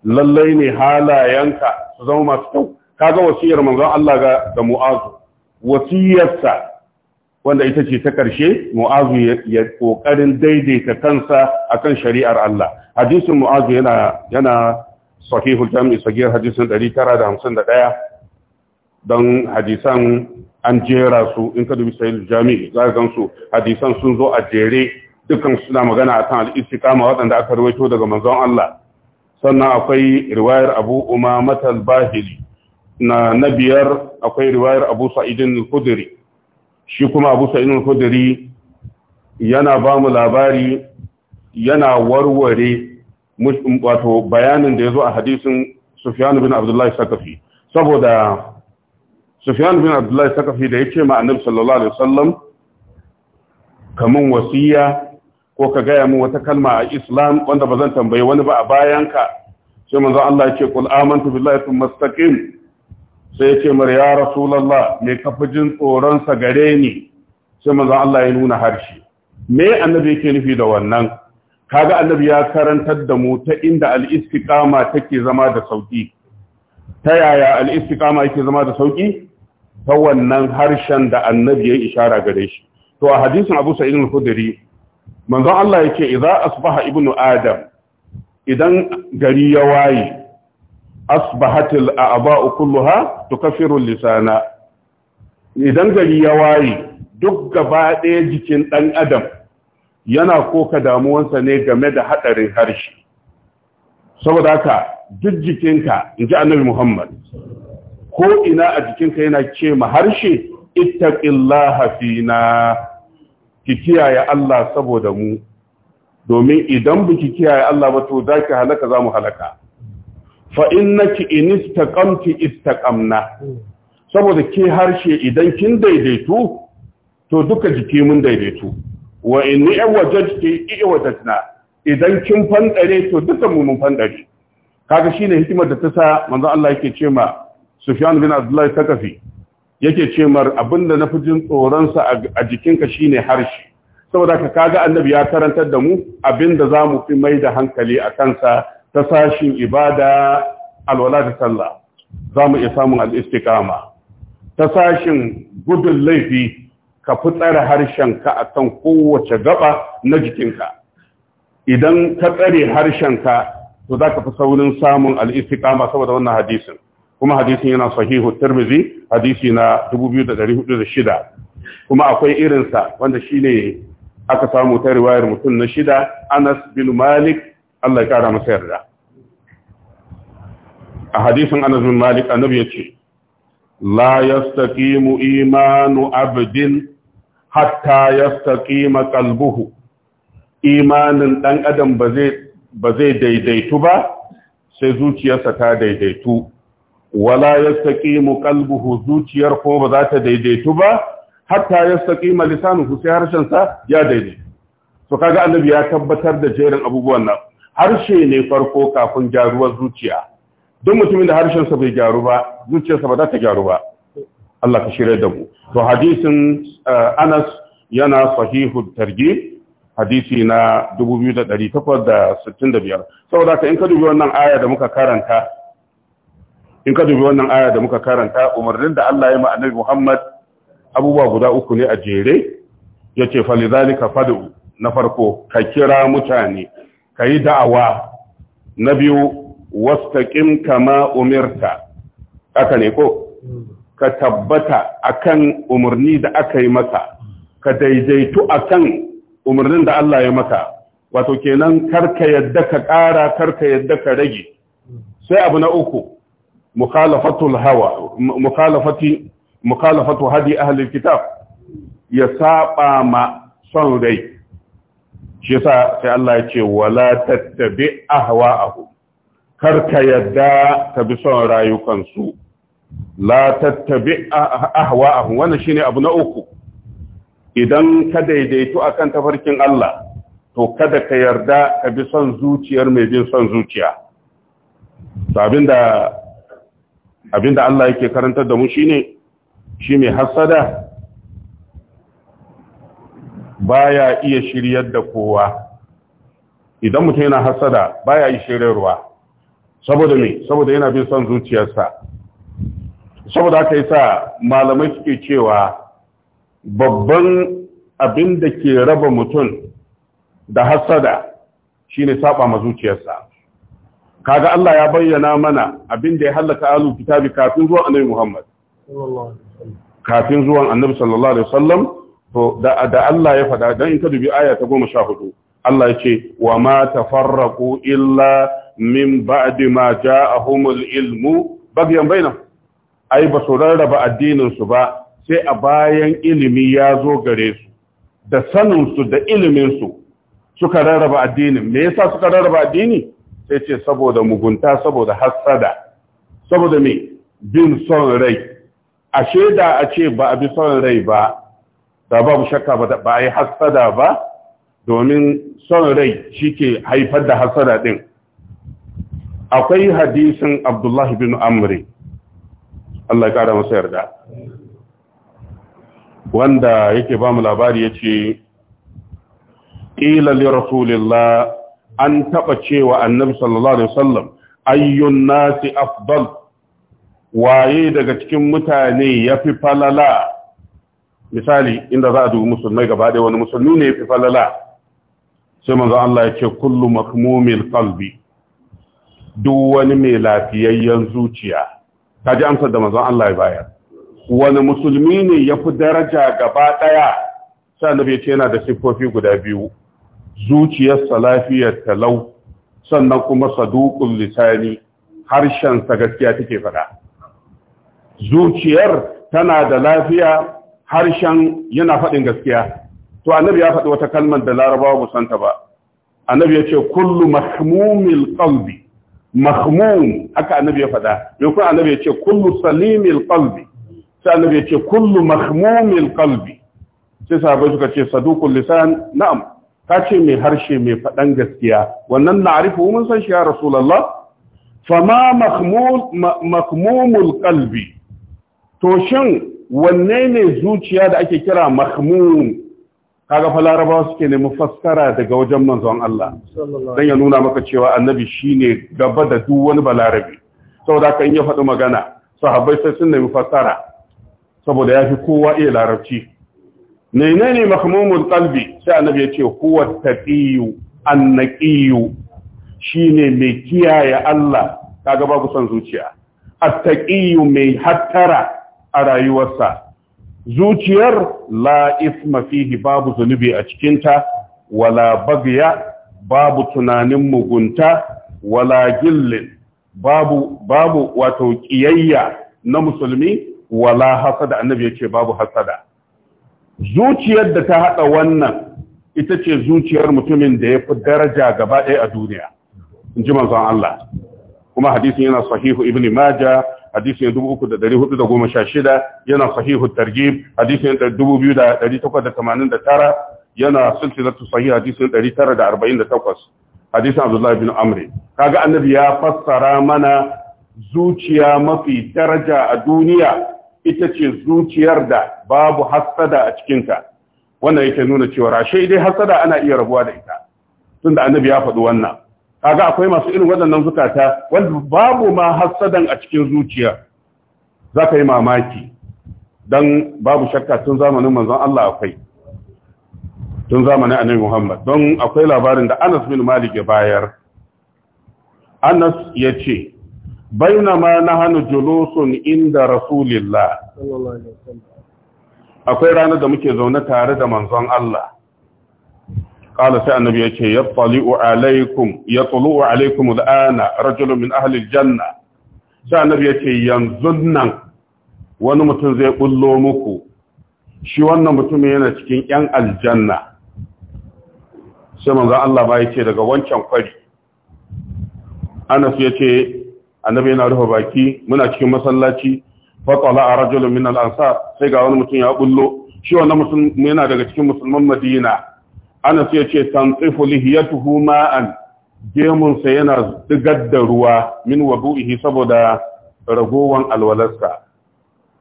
lallai ne halayenka su zama masu kyau kaga wasiyar manzo Allah ga Mu'azu wasiyarsa wanda ita ce ta ƙarshe mu'azu ya ƙoƙarin daidaita kansa akan shari'ar Allah hadisin mu'azu yana yana sahihul jami'i sagir hadisin 951 don hadisan an jera su in ka dubi sayil jami'i za ka gansu hadisan sun zo a jere dukan suna magana akan al-istiqama waɗanda aka rawaito daga manzon Allah sannan akwai riwayar Abu Umama al-Bahili na nabiyar akwai riwayar Abu Sa'id al-Khudri shi kuma Abu Sa'id al-Khudri yana ba mu labari yana warware wato bayanin da ya zo a hadisin Sufyan bin Abdullah Sakafi saboda sufyan bin abdullahi sakafi da ya ce ma annabi sallallahu alaihi wasallam kamun wasiya ko ka gaya min wata kalma a islam wanda ba zan tambayi wani ba a bayanka sai manzo Allah ya ce qul amantu billahi thumma istaqim sai ya ce mar ya rasulullah me fi jin tsoron sa gare ni sai manzo Allah ya nuna harshe me annabi yake nufi da wannan kaga annabi ya karantar da mu ta inda al-istiqama take zama da sauki ta yaya al-istiqama yake zama da sauki ta wannan harshen da annabi ya ishara gare shi to a hadisin Abu Sa'id al-Khudri manzon Allah yake idza asbaha ibnu adam idan gari ya waye asbahatil a'ba'u kulluha tukaffiru lisana idan gari ya waye duk gaba ɗaya jikin ɗan adam yana koka damuwansa ne game da haɗarin harshe saboda haka duk jikinka in ji annabi muhammad ko ina a jikinka yana ce ma harshe ittaqillaha fina ki kiyaye Allah saboda mu domin idan biki kiyaye Allah ba to zaki halaka zamu halaka fa innaki inistaqamti istaqamna saboda ke harshe idan kin daidaitu to duka jiki mun daidaitu wa inni awajjati iwatatna idan kin fandare to duka mu mun fandare kaga shine hikimar da ta sa manzo Allah yake cewa sufyan bin abdullahi takafi yake ce mar abinda na fi jin tsoronsa a jikinka shine harshe saboda ka kaga annabi ya karantar da mu abinda za mu fi mai da hankali a kansa ta sashin ibada alwala da sallah za mu iya samun ta sashin gudun laifi ka fi tsare ka a kan kowace gaba na jikinka idan ka tsare harshen ka, to zaka fi saurin samun al'istikama saboda wannan hadisin kuma hadisin yana sahihu tarmizi hadisi na 2406 kuma akwai irinsa wanda shi ne aka samu ta riwayar mutum na shida Anas bin Malik Allah ya kara masa yarda a hadisin Anas bin Malik annabi ce, la yastaqimu imanu abdin hatta yastaqima qalbuhu imanin dan adam ba zai daidaitu ba sai zuciyarsa ta daidaitu wala yastaqimu qalbuhu zuciyar ko ba za ta daidaitu ba hatta yastaqima lisanuhu sai harshen sa ya daidai. to kaga annabi ya tabbatar da jerin abubuwan nan harshe ne farko kafin gyaruwar zuciya duk mutumin da harshen sa bai gyaru ba zuciyarsa ba za ta gyaru ba Allah ka shirya da mu to hadisin eh, Anas yana sahihu Targi, hadisi na 2865 saboda ka in ka dubi wannan aya da muka karanta in ka dubi wannan aya da muka karanta umarnin da Allah ya yi annabi Muhammad abubuwa guda uku ne a jere Ya ce yace falizalika fad'u na farko ka kira mutane ka yi da'awa na biyu wastaqim kama umirta aka ne ko ka tabbata akan umarni da aka yi maka ka daidaitu akan umarnin da Allah ya maka wato kenan karka yadda ka ƙara karka yadda ka rage sai abu na uku mukhalafatul hawa mukhalafati mukhalafatu hadi ahlil kitab ya saba ma son rai shi sa sai Allah ya ce wala tattabi ahwa'ahu kar ka yadda ka bi son rayukansu la tattabi ah-, ahwa'ahu wannan shine abu na uku idan ka daidaito akan tafarkin Allah to kada ka yarda ka bi son zuciyar mai bin son zuciya abinda abinda Allah yake karantar da mu shine shi mai hasada baya iya shiryar da kowa idan mutum yana hasada baya yi shiryarwa saboda me saboda yana bin son zuciyarsa saboda yi sa, malamai suke cewa babban abin da ke raba mutum da hasada shine saba ma zuciyarsa kaga Allah ya bayyana mana abin da ya halaka alu kitabi kafin zuwan annabi Muhammad kafin zuwan annabi sallallahu alaihi wasallam to da da Allah ya faɗa dan in ka dubi aya ta 14 Allah ya ce wa ma tafarraqu illa min ba'di ma ja'ahumul ilmu bagyan bainahum ai ba su rarraba addininsu ba sai a bayan ilimi ya zo gare su da saninsu da iliminsu suka rarraba addinin me yasa suka rarraba addini sai ce saboda mugunta saboda hassada saboda me bin son rai ashe da a ce ba a bi son rai ba da babu shakka ba a yi hassada ba domin son rai shi ke haifar da hassada din akwai hadisin abdullahi bin amri Allah ya ƙara masa yarda wanda yake ba mu labari ya ce ƙila li rasulillah an taɓa cewa annabi sallallahu alaihi wasallam ayyun nasi afdal waye daga cikin mutane yafi falala misali inda za a dubi musulmai gaba ɗaya wani musulmi ne yafi falala sai manzo Allah ya ce kullu makmumil qalbi duk wani mai lafiyayyan zuciya kaji amsar da manzo Allah ya bayar wani musulmi ne yafi daraja gaba ɗaya sai annabi ya ce yana da siffofi guda biyu zuciyarsa lafiyar talau sannan kuma saduƙun lisani harshen sa gaskiya take faɗa zuciyar tana da lafiya harshen yana faɗin gaskiya to annabi ya faɗi wata kalmar da larabawa ba santa ba annabi ya ce kullu mahmumil qalbi mahmum haka annabi ya faɗa me kuma annabi ya ce kullu salimil qalbi sai annabi ya ce kullu mahmumil qalbi sai sahabbai suka ce saduqul lisan na'am ka ce mai harshe mai faɗan gaskiya wannan na'rifu mun san shi ya rasulullah fama makmumul kalbi. to shin wanne ne zuciya da ake kira mahmum kaga fa larabawa suke nemi fassara daga wajen manzon Allah dan ya nuna maka cewa annabi shine gaba da duk wani balarabi saboda kan ya faɗi magana sahabbai sai sun nemi fassara saboda yafi kowa iya larabci menene mahmumul qalbi sai annabi ya ce huwa taqiyu annaqiyu shine mai kiyaye Allah kaga babu son zuciya attaqiyu mai hattara a rayuwarsa zuciyar la isma babu zunubi a cikinta wala bagya babu tunanin mugunta wala gillin babu babu wato kiyayya na musulmi wala hasada annabi yace babu hasada zuciyar da ta haɗa wannan ita ce zuciyar mutumin da ya fi daraja gaba ɗaya a duniya in ji manzon Allah kuma hadisin yana sahihu ibn maja hadisin 3416 yana sahihu targhib hadisin 2889 yana silsilatu sahih hadisin 948 hadisin abdullahi bin amri kaga annabi ya fassara mana zuciya mafi daraja a duniya ita ce zuciyar da babu hasada a cikinta wannan yake nuna cewa rashe dai hasada ana iya rabuwa da ita tunda annabi ya faɗi wannan kaga akwai masu irin waɗannan zukata wanda babu ma hasadan a cikin zuciya za ka yi mamaki don babu shakka tun zamanin manzon Allah akwai tun zamanin annabi Muhammad don akwai labarin da Anas bin Malik ya bayar Anas ya ce bainama na hana julusun inda rasulillah akwai ranar da muke zaune tare da manzon Allah kala sai annabi ya ce ya alaikum ya alaikum min janna sai annabi ya ce yanzu nan wani mutum zai bullo muku shi wannan mutumin yana cikin 'yan aljanna sai manzon Allah ba ya ce daga wancan kwari anas ya ce annabi yana rufe baki muna cikin masallaci fatala a rajulun min al'ansar sai ga wani mutum ya bullo shi wannan mutum yana daga cikin musulman madina ana sai ce ya tuhu ma'an gemunsa yana digar da ruwa min wabu'ihi saboda ragowan alwalarsa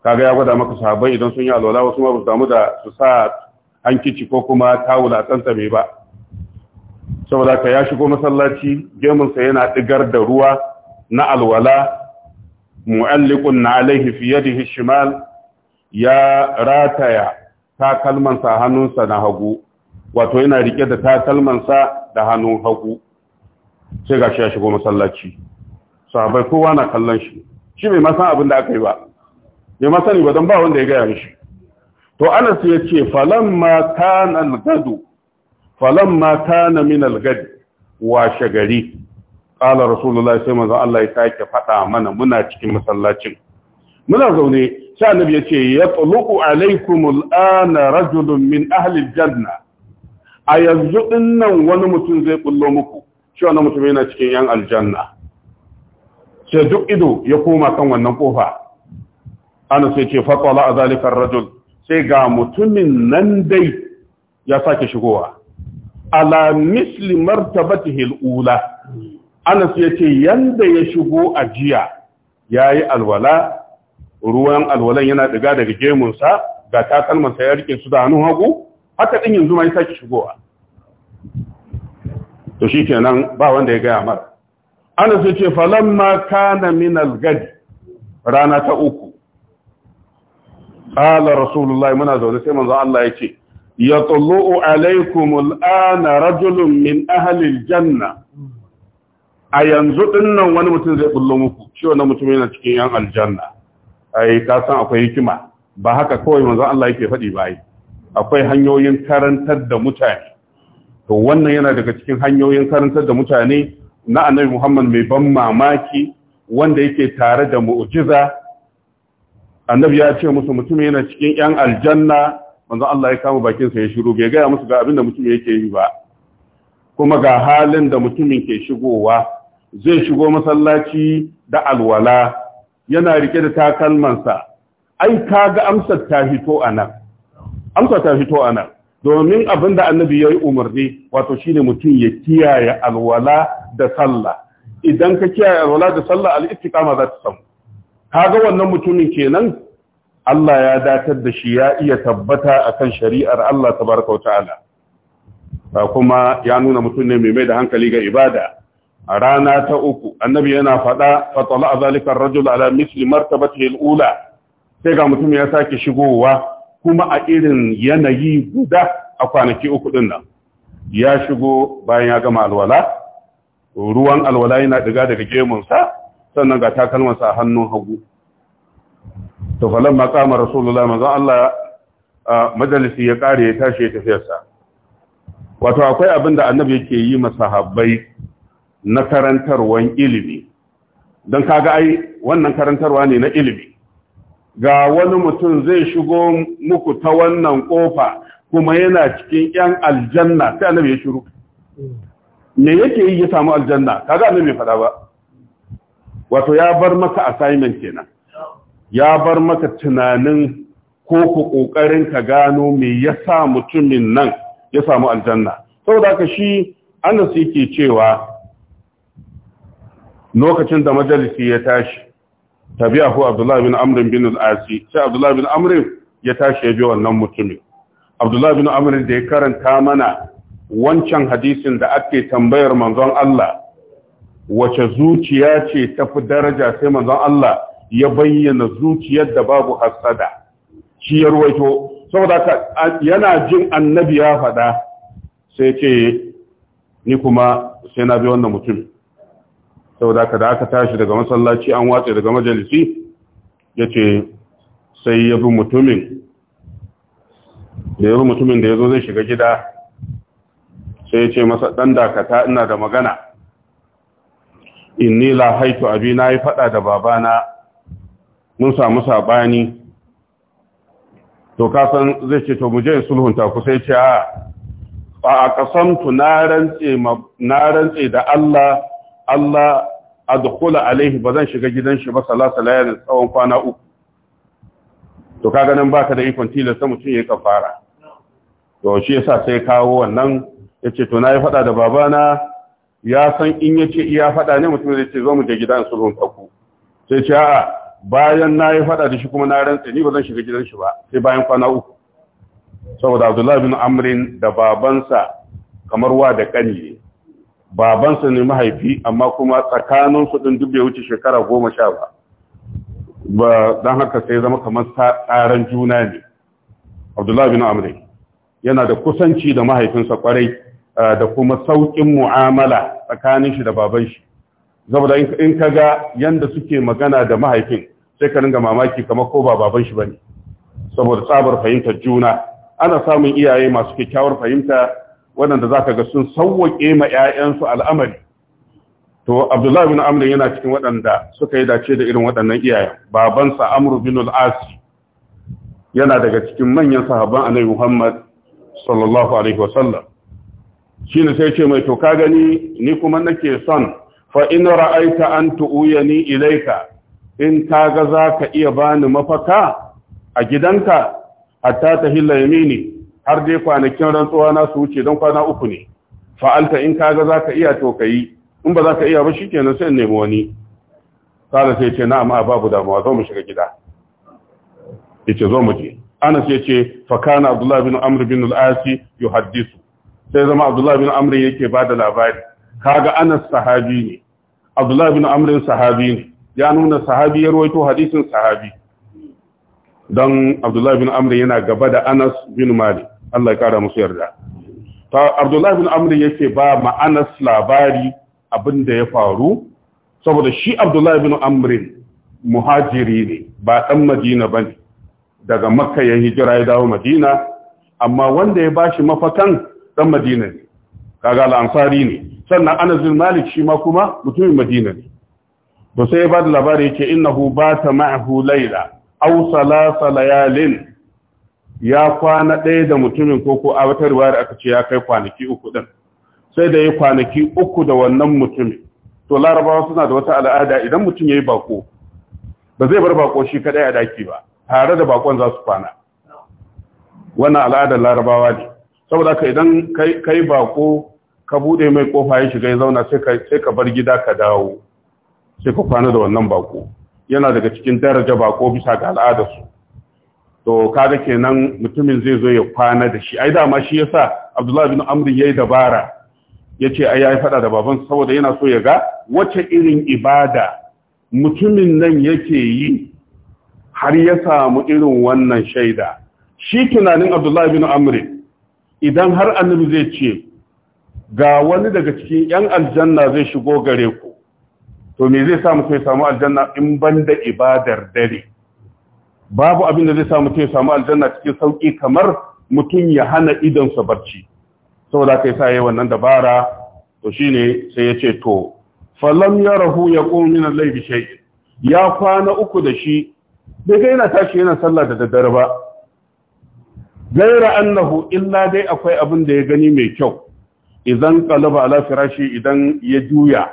kaga ya gwada maka sahabbai idan sun yi alwala wasu ma ba su damu da su sa hankici ko kuma tawula a mai ba saboda ka ya shigo masallaci gemunsa yana digar da ruwa na alwala mu'allikun na alaihi fiye da hishimal ya rataya takalmansa hannunsa na hagu wato yana rike da takalmansa da hannun hagu sai ga shi ya shigo masallaci sahabai kowa na kallon shi shi bai masan abin da aka yi ba bai masani ba don ba wanda ya gaya shi to anas ya ce falamma na al falon ma kana min al-gadi washe gari ƙala rasulullah sai manzo Allah ya sake faɗa mana muna cikin masallacin muna zaune sai annabi yace yatluqu alaykumul ana rajulun min ahli janna a yanzu nan wani mutum zai ƙullo muku shi wannan mutum yana cikin yan aljanna sai duk ido ya koma kan wannan kofa ana sai ce fatwala a zalikar rajul sai ga mutumin nan dai ya sake shigowa ala misli martabati hil'ula Anas ya ce yanda ya shigo a jiya ya yi alwala ruwan alwalan yana daga daga gemunsa ga takalmansa ya rike su da hannun hagu haka ɗin yanzu ma ya sake shigowa to shi kenan ba wanda ya gaya mara Anas ya ce ka na min gadi rana ta uku qala rasulullahi muna zaune sai manzo Allah ya ce yatlu'u alaikum al'ana rajulun min ahalin janna. a yanzu dinnan wani mutum zai bullo muku shi wannan mutum yana cikin yan aljanna ai ka san akwai hikima ba haka kawai manzon Allah yake faɗi ba ai akwai hanyoyin karantar da mutane to wannan yana daga cikin hanyoyin karantar da mutane na annabi Muhammad mai ban mamaki wanda yake tare da mu'ujiza. annabi ya ce musu mutum yana cikin yan aljanna manzon Allah ya kama bakin sa ya shiru bai ga musu ga abin da mutum yake yi ba kuma ga halin da mutumin ke shigowa zai shigo masallaci da alwala yana rike da takalmansa ai kaga amsar ta fito anan amsar ta fito anan domin abin da annabi ya yi umarni wato shine mutum ya kiyaye alwala da sallah idan ka kiyaye alwala da sallah al-istiqama za ta samu kaga wannan mutumin kenan Allah ya datar da shi ya iya tabbata akan shari'ar Allah tabaraka wa ta'ala kuma ya nuna mutum ne mai mai da hankali ga ibada a rana ta uku annabi yana faɗa fatala a zalikar rajul ala misli martabati al'ula sai ga mutum ya sake shigowa kuma a irin yanayi guda a kwanaki uku din nan ya shigo bayan ya gama alwala ruwan alwala yana diga daga gemunsa sannan ga takalmansa a hannun hagu to falan maqama rasulullah manzo Allah majalisi ya kare ya tashi ya tafiyarsa wato akwai abin da annabi yake yi masahabbai na karantarwan ilimi don kaga ai wannan karantarwa ne na ilimi ga wani mutum zai shigo muku ta wannan kofa kuma yana cikin yan aljanna sai annabi ya shiru me yake yi ya samu aljanna kaga annabi bai faɗa ba wato ya bar maka assignment kenan ya bar maka tunanin ko ku ƙoƙarin ka gano me yasa mutumin nan ya samu aljanna saboda haka shi Anas yake cewa lokacin da majalisi ya tashi tabi'ahu abdullahi bin amr bin al-asi sai abdullahi bin amr ya tashi ya bi wannan mutumin abdullahi bin amr da ya karanta mana wancan hadisin da ake tambayar manzon Allah wace zuciya ce tafi daraja sai manzon Allah ya bayyana zuciyar da babu hasada shi ya ruwaito saboda yana jin annabi ya faɗa sai ce ni kuma sai na bi wannan mutumin. saboda ka da aka tashi daga masallaci an watse daga majalisi ya ce sai ya bi mutumin da ya bi mutumin da ya zo zai shiga gida sai ya ce masa ɗan dakata ina da magana inni la haitu abi na yi faɗa da babana mun samu saɓani to kasan zai ce to muje sulhunta ku sai ce a a ƙasamtu na rantse da Allah Allah adkhula alaihi zan shiga gidanshi shi ba salata da tsawon kwana uku to kaga nan ka da ikon tilasta mutum ya ka fara. to shi sa sai kawo wannan ya ce to na yi fada da babana ya san in yace iya fada ne mutum zai ce zo mu je gidan su ron taku sai ce a'a bayan na yi fada da shi kuma na rantse ni ba zan shiga gidanshi ba sai bayan kwana uku saboda Abdullahi bin Amrin da babansa kamar wa da ne. babansa ne mahaifi amma kuma tsakanin kudin duk bai wuce shekara goma sha ba ba don haka sai zama kamar tsaran juna ne abdullahi bin amri yana da kusanci da mahaifinsa kwarai eh, da kuma saukin mu'amala tsakanin shi da baban shi saboda in ka ga yanda suke magana da mahaifin sai ka ringa mamaki kamar ko ba baban shi bane saboda tsabar fahimtar juna ana samun iyaye masu kyakkyawar fahimta waɗanda za ka ga sun sauwaƙe ma 'ya'yansu al'amari to abdullahi bin amr yana cikin waɗanda suka yi dace da irin waɗannan iyaye. babansa amru bin yana daga cikin manyan sahabban annabi muhammad sallallahu alaihi wasallam shine sai ce mai to ka gani ni kuma nake son fa in ra'aita an tu'uyani ilaika in ga za ka iya bani mafaka a gidanka hatta ta tahilla yamini har dai kwanakin rantsuwa na su wuce don kwana uku ne fa'alta in kaga za ka iya to kai in ba za ka iya ba shikenan sai nemi wani kala sai ce na'am a babu damuwa zo mu shiga gida yace zo mu je Anas ce fa kana Abdullahi bin Amr bin al-Asi yuhaddisu sai zama Abdullahi bin Amr yake bada labari kaga Anas sahabi ne Abdullahi bin Amr sahabi ne ya nuna sahabi ya rawaito hadisin sahabi don Abdullahi bin Amr yana gaba da Anas bin Malik Allah ya kara musu yarda ta Abdullahi bin Amr yake ba ma'anas labari abin da ya faru saboda shi Abdullahi bin Amr muhajiri ne ba dan Madina bane daga Makka ya hijira ya dawo Madina amma wanda ya bashi mafakan dan Madina ne kaga al-Ansari ne sannan Anas bin Malik shi ma kuma mutumin Madina ne ba sai ya ba da labari yake innahu bata ma'ahu layla aw salasa layalin ya kwana ɗaya da mutumin ko ko a wata riwayar aka ce ya kai kwanaki uku ɗin sai da ya kwanaki uku da wannan mutumin to larabawa suna da wata al'ada idan mutum ya yi bako ba zai bar bako shi kaɗai a daki ba tare da bakon za su kwana wannan al'adar larabawa ne saboda ka idan kai bako ka buɗe mai kofa ya shiga ya zauna sai ka bar gida ka dawo sai ka kwana da wannan bako yana daga cikin daraja bako bisa ga al'adarsu to kaga kenan mutumin zai zo ya kwana da shi ai ma shi yasa Abdullah bin Amr yayi dabara yace ai yayi fada da baban saboda yana so ya ga wace irin ibada mutumin nan yake yi har ya samu irin wannan shaida shi tunanin Abdullah bin Amr idan har annabi zai ce ga wani daga cikin yan aljanna zai shigo gare ku to me zai sa mu sai samu aljanna in banda ibadar dare babu abin da zai samu mutum samu aljanna cikin sauki kamar mutum ya hana idonsa barci saboda kai sa yawan wannan dabara to shine sai ya ce to falam yarahu rahu min al-layli shay'in ya kwana uku da shi bai ga yana tashi yana sallah da daddare ba gaira annahu illa dai akwai abin da ya gani mai kyau idan qalaba ala firashi idan ya juya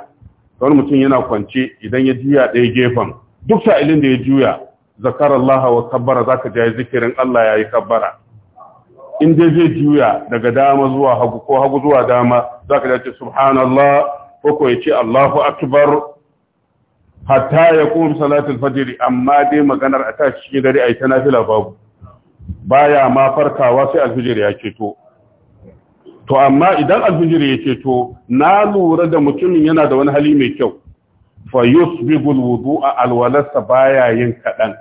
wani mutum yana kwance idan ya juya ɗaya gefen duk sa'ilin da ya juya zakar Allah wa kabbara zaka ji zikirin Allah yayi kabbara in dai zai juya daga dama zuwa hagu ko hagu zuwa dama zaka ji subhanallah ko ko yace Allahu akbar hatta ya kuma salatul fajr amma dai maganar a tashi cikin dare ai ta nafila babu baya ma farkawa sai alfijir ya ceto to amma idan alfijir ya to na lura da mutumin yana da wani hali mai kyau fa yusbigul wudu'a alwalarsa baya yin kaɗan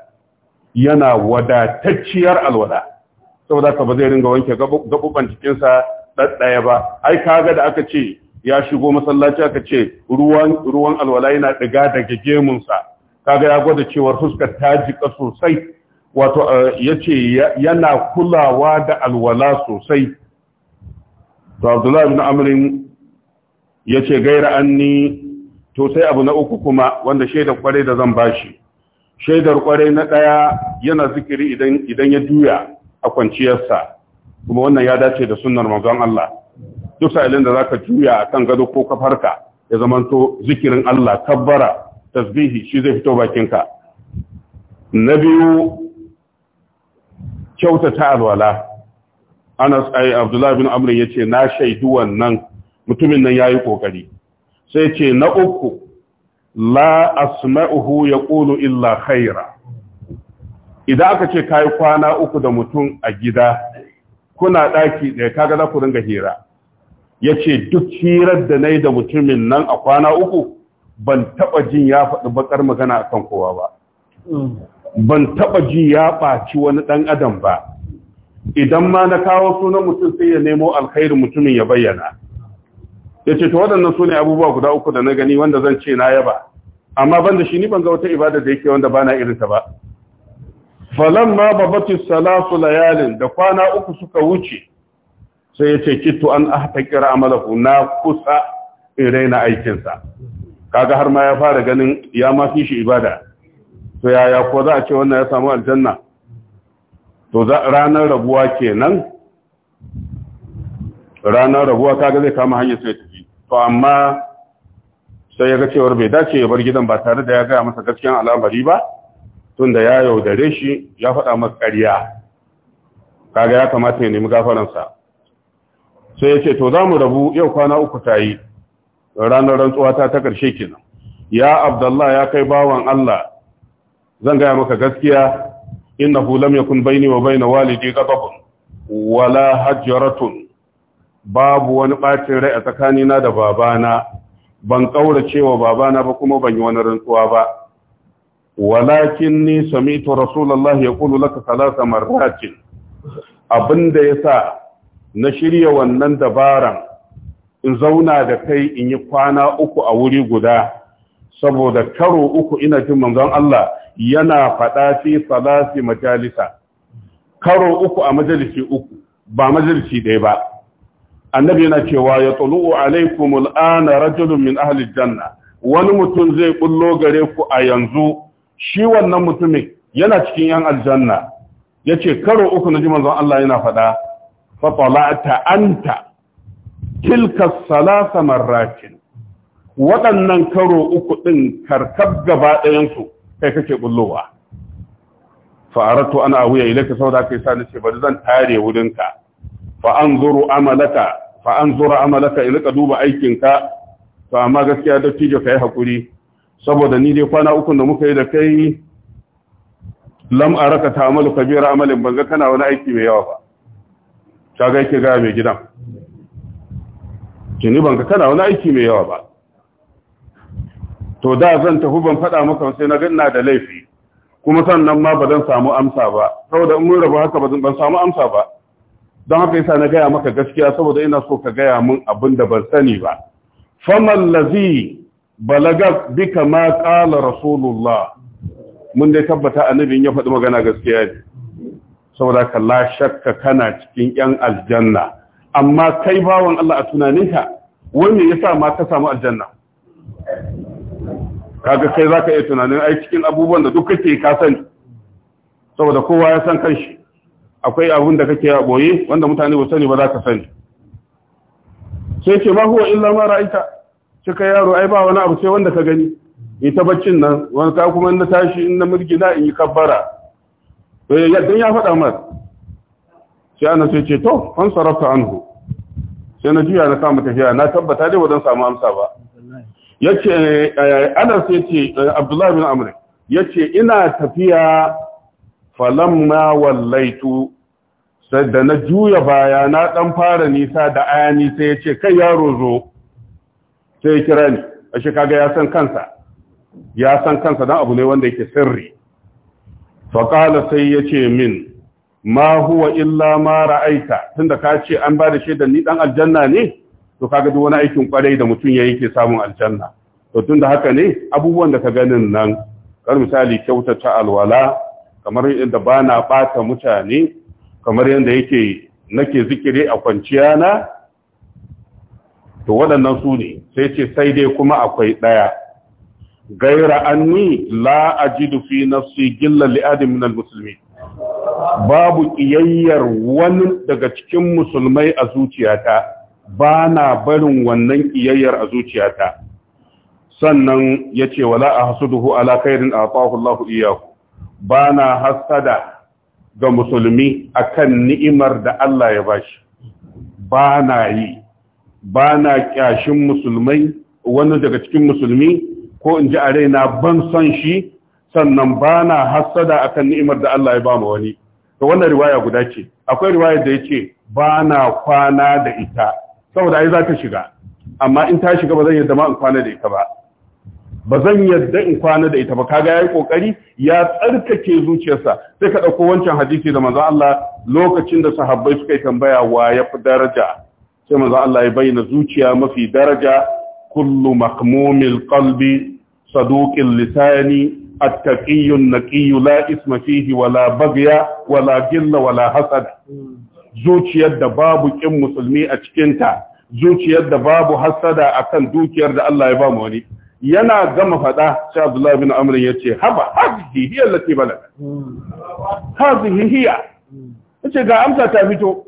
yana wadatacciyar alwala saboda ka ba zai ringa wanke gabuban jikinsa ɗaɗɗaya ba ai kaga da aka ce ya shigo masallaci aka ce ruwan ruwan alwala yana ɗiga daga gemunsa kaga ya gwada cewar fuskar ta jika sosai wato eh, yace yana kulawa da alwala sosai to Abdullahi ibn Amr yace gaira anni to sai abu na uku kuma wanda shaidar kware da zan bashi shaidar kwarai na ɗaya yana zikiri idan ya duya a kwanciyarsa kuma wannan ya dace da sunnar manzon Allah duk sa'ilin da zaka juya a kan gado ko kafarka ya zamanto zikirin Allah kabbara tasbihi shi zai fito bakinka na biyu kyautata alwala Anas ai Abdullah bin Amr yace na shaidu wannan mutumin nan yayi kokari sai ce na uku la ya yaqulu illa khaira idan aka ce kai kwana uku da mutum a gida kuna daki da kaga za ku ringa hira yace duk hirar da nayi da mutumin nan a kwana uku ban taba jin ya faɗi bakar magana akan kowa ba ban taba ji ya ɓaci wani ɗan adam ba idan ma na kawo sunan mutum sai ya nemo alkhairin mutumin ya bayyana ya ce to waɗannan su ne abubuwa guda uku da na gani wanda zan ce na yaba amma ban da shi ni ban ga wata ibada da yake wanda ba na irinta ba falan ma babatu Salasu layalin da kwana uku suka wuce sai ya ce Kitu an ta a malafu na kusa in raina aikinsa kaga har ma ya fara ganin ya ma shi ibada to yaya ko za a ce wannan ya samu aljanna to ranar rabuwa kenan ranar rabuwa kaga zai kama hanyar sai to amma sai ya ga cewar bai dace ya bar gidan ba tare da ya gaya masa gaskiyan al'amari ba tun da ya yaudare shi ya faɗa masa ƙarya kaga ya kamata ya nemi gafaransa sai ya ce to za mu rabu yau kwana uku ta yi ranar rantsuwa ta ta ƙarshe kenan ya abdallah ya kai bawan allah zan gaya maka gaskiya innahu lam yakun baini wa baina walidi ghadabun wala hajratun babu wani ɓacin rai a tsakanina da babana ban ƙaura cewa babana ba kuma ban yi wani rantsuwa ba walakin ni sami'tu rasulullahi kulu laka salasa marratin abinda sa na shirya wannan dabaran in zauna da kai in yi kwana uku a wuri guda saboda karo uku ina jin manzon Allah yana faɗa fi salasi majalisa karo uku a majalisi uku ba majalisi ɗaya ba annabi yana cewa ya tulu alaikum al'ana rajulun min ahli janna wani mutum zai bullo gare ku a yanzu shi wannan mutumin yana cikin yan aljanna yace karo uku naji manzon Allah yana fada fa tala'ta anta tilka salasa marratin waɗannan karo uku din karkab gaba ɗayan su kai kake bullowa fa aratu ana wuya ilaka sauda kai sa ce, bari zan tare wurinka fa anzuru amalaka fa anzuru amalaka in rika duba aikinka to amma gaskiya dattijo kai hakuri saboda ni dai kwana uku da muka yi da kai lam araka ta'malu kabira amalin banga kana wani aiki mai yawa ba ga yake ga mai gidan kini banga kana wani aiki mai yawa ba to da zan tafi ban faɗa maka sai na ganna da laifi kuma sannan ma ba zan samu amsa ba saboda in mun rabu haka ba ban samu amsa ba don haka yasa na gaya maka gaskiya saboda ina so ka gaya mun abin da ban sani ba faman lazi balaga bika ma qala rasulullah mun dai tabbata annabin ya faɗi magana gaskiya ne saboda ka la shakka kana cikin yan aljanna amma kai bawon Allah a tunaninka wani me yasa ma ka samu aljanna kaga kai zaka iya tunanin ai cikin abubuwan da duk kake ka sani saboda kowa ya san kanshi akwai abin da kake a boye wanda mutane ba sani ba za ka sani sai ce ma huwa illa ma ra'aita cika yaro ai ba wani abu sai wanda ka gani ita baccin nan wani ka kuma na tashi in na na in yi kabbara to eh, yadda ya faɗa mar sai ana sai ce to an sarrafa anhu sai na juya na samu tafiya na tabbata dai wadan samu amsa ba yace ana sai ce eh, eh, Abdullahi bin Amr yace ina tafiya falamma wallaitu sai da na juya baya na dan fara nisa da ayani sai ya ce kai yaro zo sai ya kira ni ashe kaga ya san kansa ya san kansa dan abu ne wanda yake sirri fa sai ya ce min ma huwa illa ma ra'aita tunda ka ce an ba da shaida ni dan aljanna ne to kaga duk wani aikin kwarai da mutum yayi ke samun aljanna to tunda haka ne abubuwan da ka ganin nan kar misali kyautata alwala kamar yadda ba na ɓata mutane kamar yadda yake nake zikiri a kwanciya na to waɗannan su ne sai ce sai dai kuma akwai ɗaya gaira anni la ajidu fi nafsi gilla li adam musulmi babu ƙiyayyar wani daga cikin musulmai a zuciyata ba na barin wannan ƙiyayyar a zuciyata sannan ya ce wala a hasuduhu ala khairin a Allah iyaku ba na hasada ga musulmi akan ni'imar da Allah ya bashi ba na yi ba na kyashin musulmai wani daga cikin musulmi ko in ji a raina ban son shi sannan ba na hassada akan ni'imar da Allah ya ba mu wani to wannan riwaya guda ce akwai riwaya da yace ba na kwana da ita saboda ai za ta shiga amma in ta shiga ba zan yi zama in kwana da ita ba ba zan yadda in kwana da ita ba kaga yayi kokari ya tsarkake zuciyarsa sai ka dauko wancan hadisi da manzo Allah lokacin da sahabbai suka tambaya wa ya fi daraja sai manzo Allah ya bayyana zuciya mafi daraja kullu maqmumil qalbi saduqil lisani التقي النقي لا اسم فيه wala بغي wala جل wala حسد zuciyar da babu kin musulmi a cikinta zuciyar da babu hasada akan dukiyar da Allah ya ba mu wani yana gama faɗa sai Abdullahi bin Amr ya ce haba hazihi hiya lati balaga hazihi hiya yace ga amsa ta fito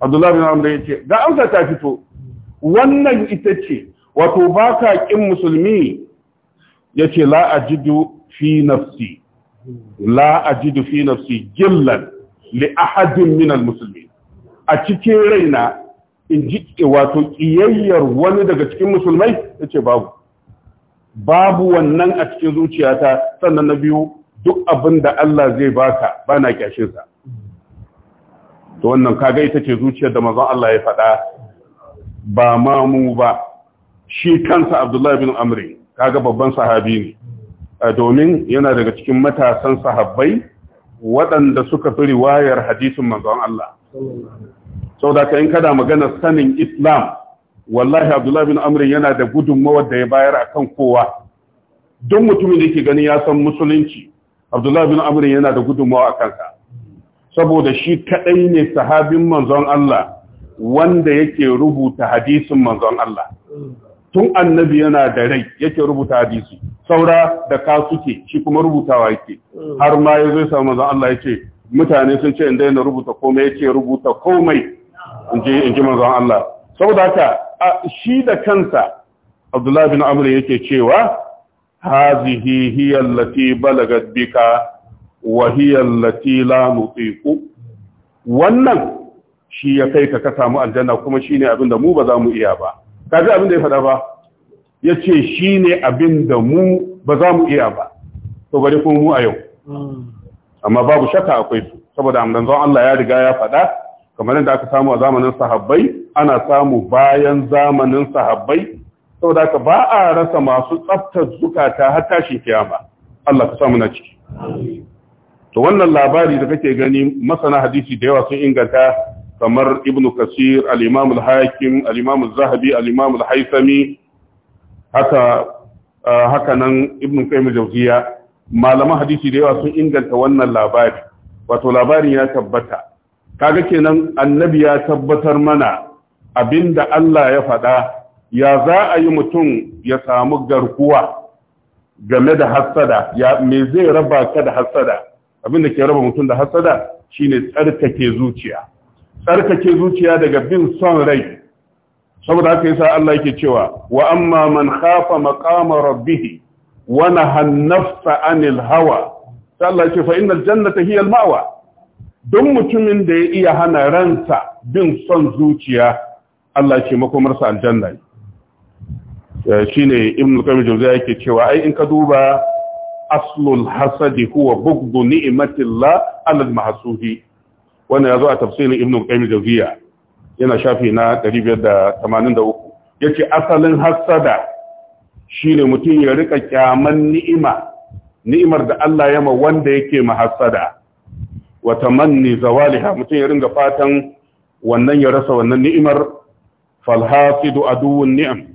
Abdullahi bin Amr ya ce ga amsa ta fito wannan ita ce wato baka kin musulmi yace la ajidu fi nafsi la ajidu fi nafsi jillan li ahadin min almuslimin a cikin raina in ji wato kiyayyar wani daga cikin musulmai yace babu babu wannan a cikin zuciyata sannan na biyu duk abin da Allah zai baka bana kyashin sa to wannan kaga ita ce zuciyar da manzon Allah ya faɗa ba mamu ba shi kansa Abdullahi bin Amri, kaga babban sahabi ne domin yana daga cikin matasan sahabbai waɗanda suka fi riwayar hadisin manzon Allah Sau da ka in kada magana sanin Islam wallahi abdullahi bin amr yana da gudummawar da ya bayar akan kowa don mutumin da ke gani ya san musulunci abdullahi bin amr yana da gudunmawa a ka saboda shi kadai ne sahabin manzon Allah wanda yake rubuta hadisin manzon Allah tun annabi yana da rai yake rubuta hadisi saura da ka suke shi kuma rubutawa yake har ma ya zai samu manzon Allah yace mutane sun ce in daina rubuta komai yace rubuta komai in inji manzon Allah saboda haka shi da kansa abdullahi bin amr yake cewa hazihi hiya allati balagat bika wa hiya allati la nutiqu wannan shi ya kai ka samu aljanna kuma shine abin da mu ba za mu iya ba kaji abin da ya faɗa ba yace shine abin da mu ba za mu iya ba to bari kuma mu a yau hmm. amma babu shakka akwai su saboda manzon Allah ya riga ya faɗa kamar yadda aka samu a zamanin sahabbai ana samu bayan zamanin sahabbai saboda haka ba a rasa masu tsafta zukata har tashin kiyama Allah ka samu na ciki to wannan labari da kake gani masana hadisi da yawa sun inganta kamar ibnu kasir al-imam al-hakim al-imam az-zahabi al-imam al-haythami haka haka nan ibnu qayyim jawziya malaman hadisi da yawa sun inganta wannan labari wato labarin ya tabbata kaga kenan annabi ya tabbatar mana abinda Allah ya faɗa ya za a yi mutum ya samu garkuwa game da hassada ya me zai raba ka da hassada abinda ke raba mutum da hassada shine tsarkake zuciya tsarkake zuciya daga bin son rai saboda haka yasa Allah yake cewa wa amma man khafa maqama rabbih wa nahana nafsa anil hawa sai Allah ya ce fa innal jannata hiya al ma'wa don mutumin da ya iya hana ransa bin son zuciya Allah ce makomarsa aljanna ne eh, ibn qayyim jawziya yake cewa ai in ka duba aslul hasadi huwa bughdu ni'matillah ala al-mahsudi wannan yazo a tafsirin ibn qayyim jawziya yana shafi na 583 yace asalin hasada shine mutum ya rika kyaman ni'ima ni'imar da Allah ya ma wanda yake mahsada wata manni zawaliha mutum ya ringa fatan wannan ya rasa wannan ni'imar falhasidu aduwwun ni'am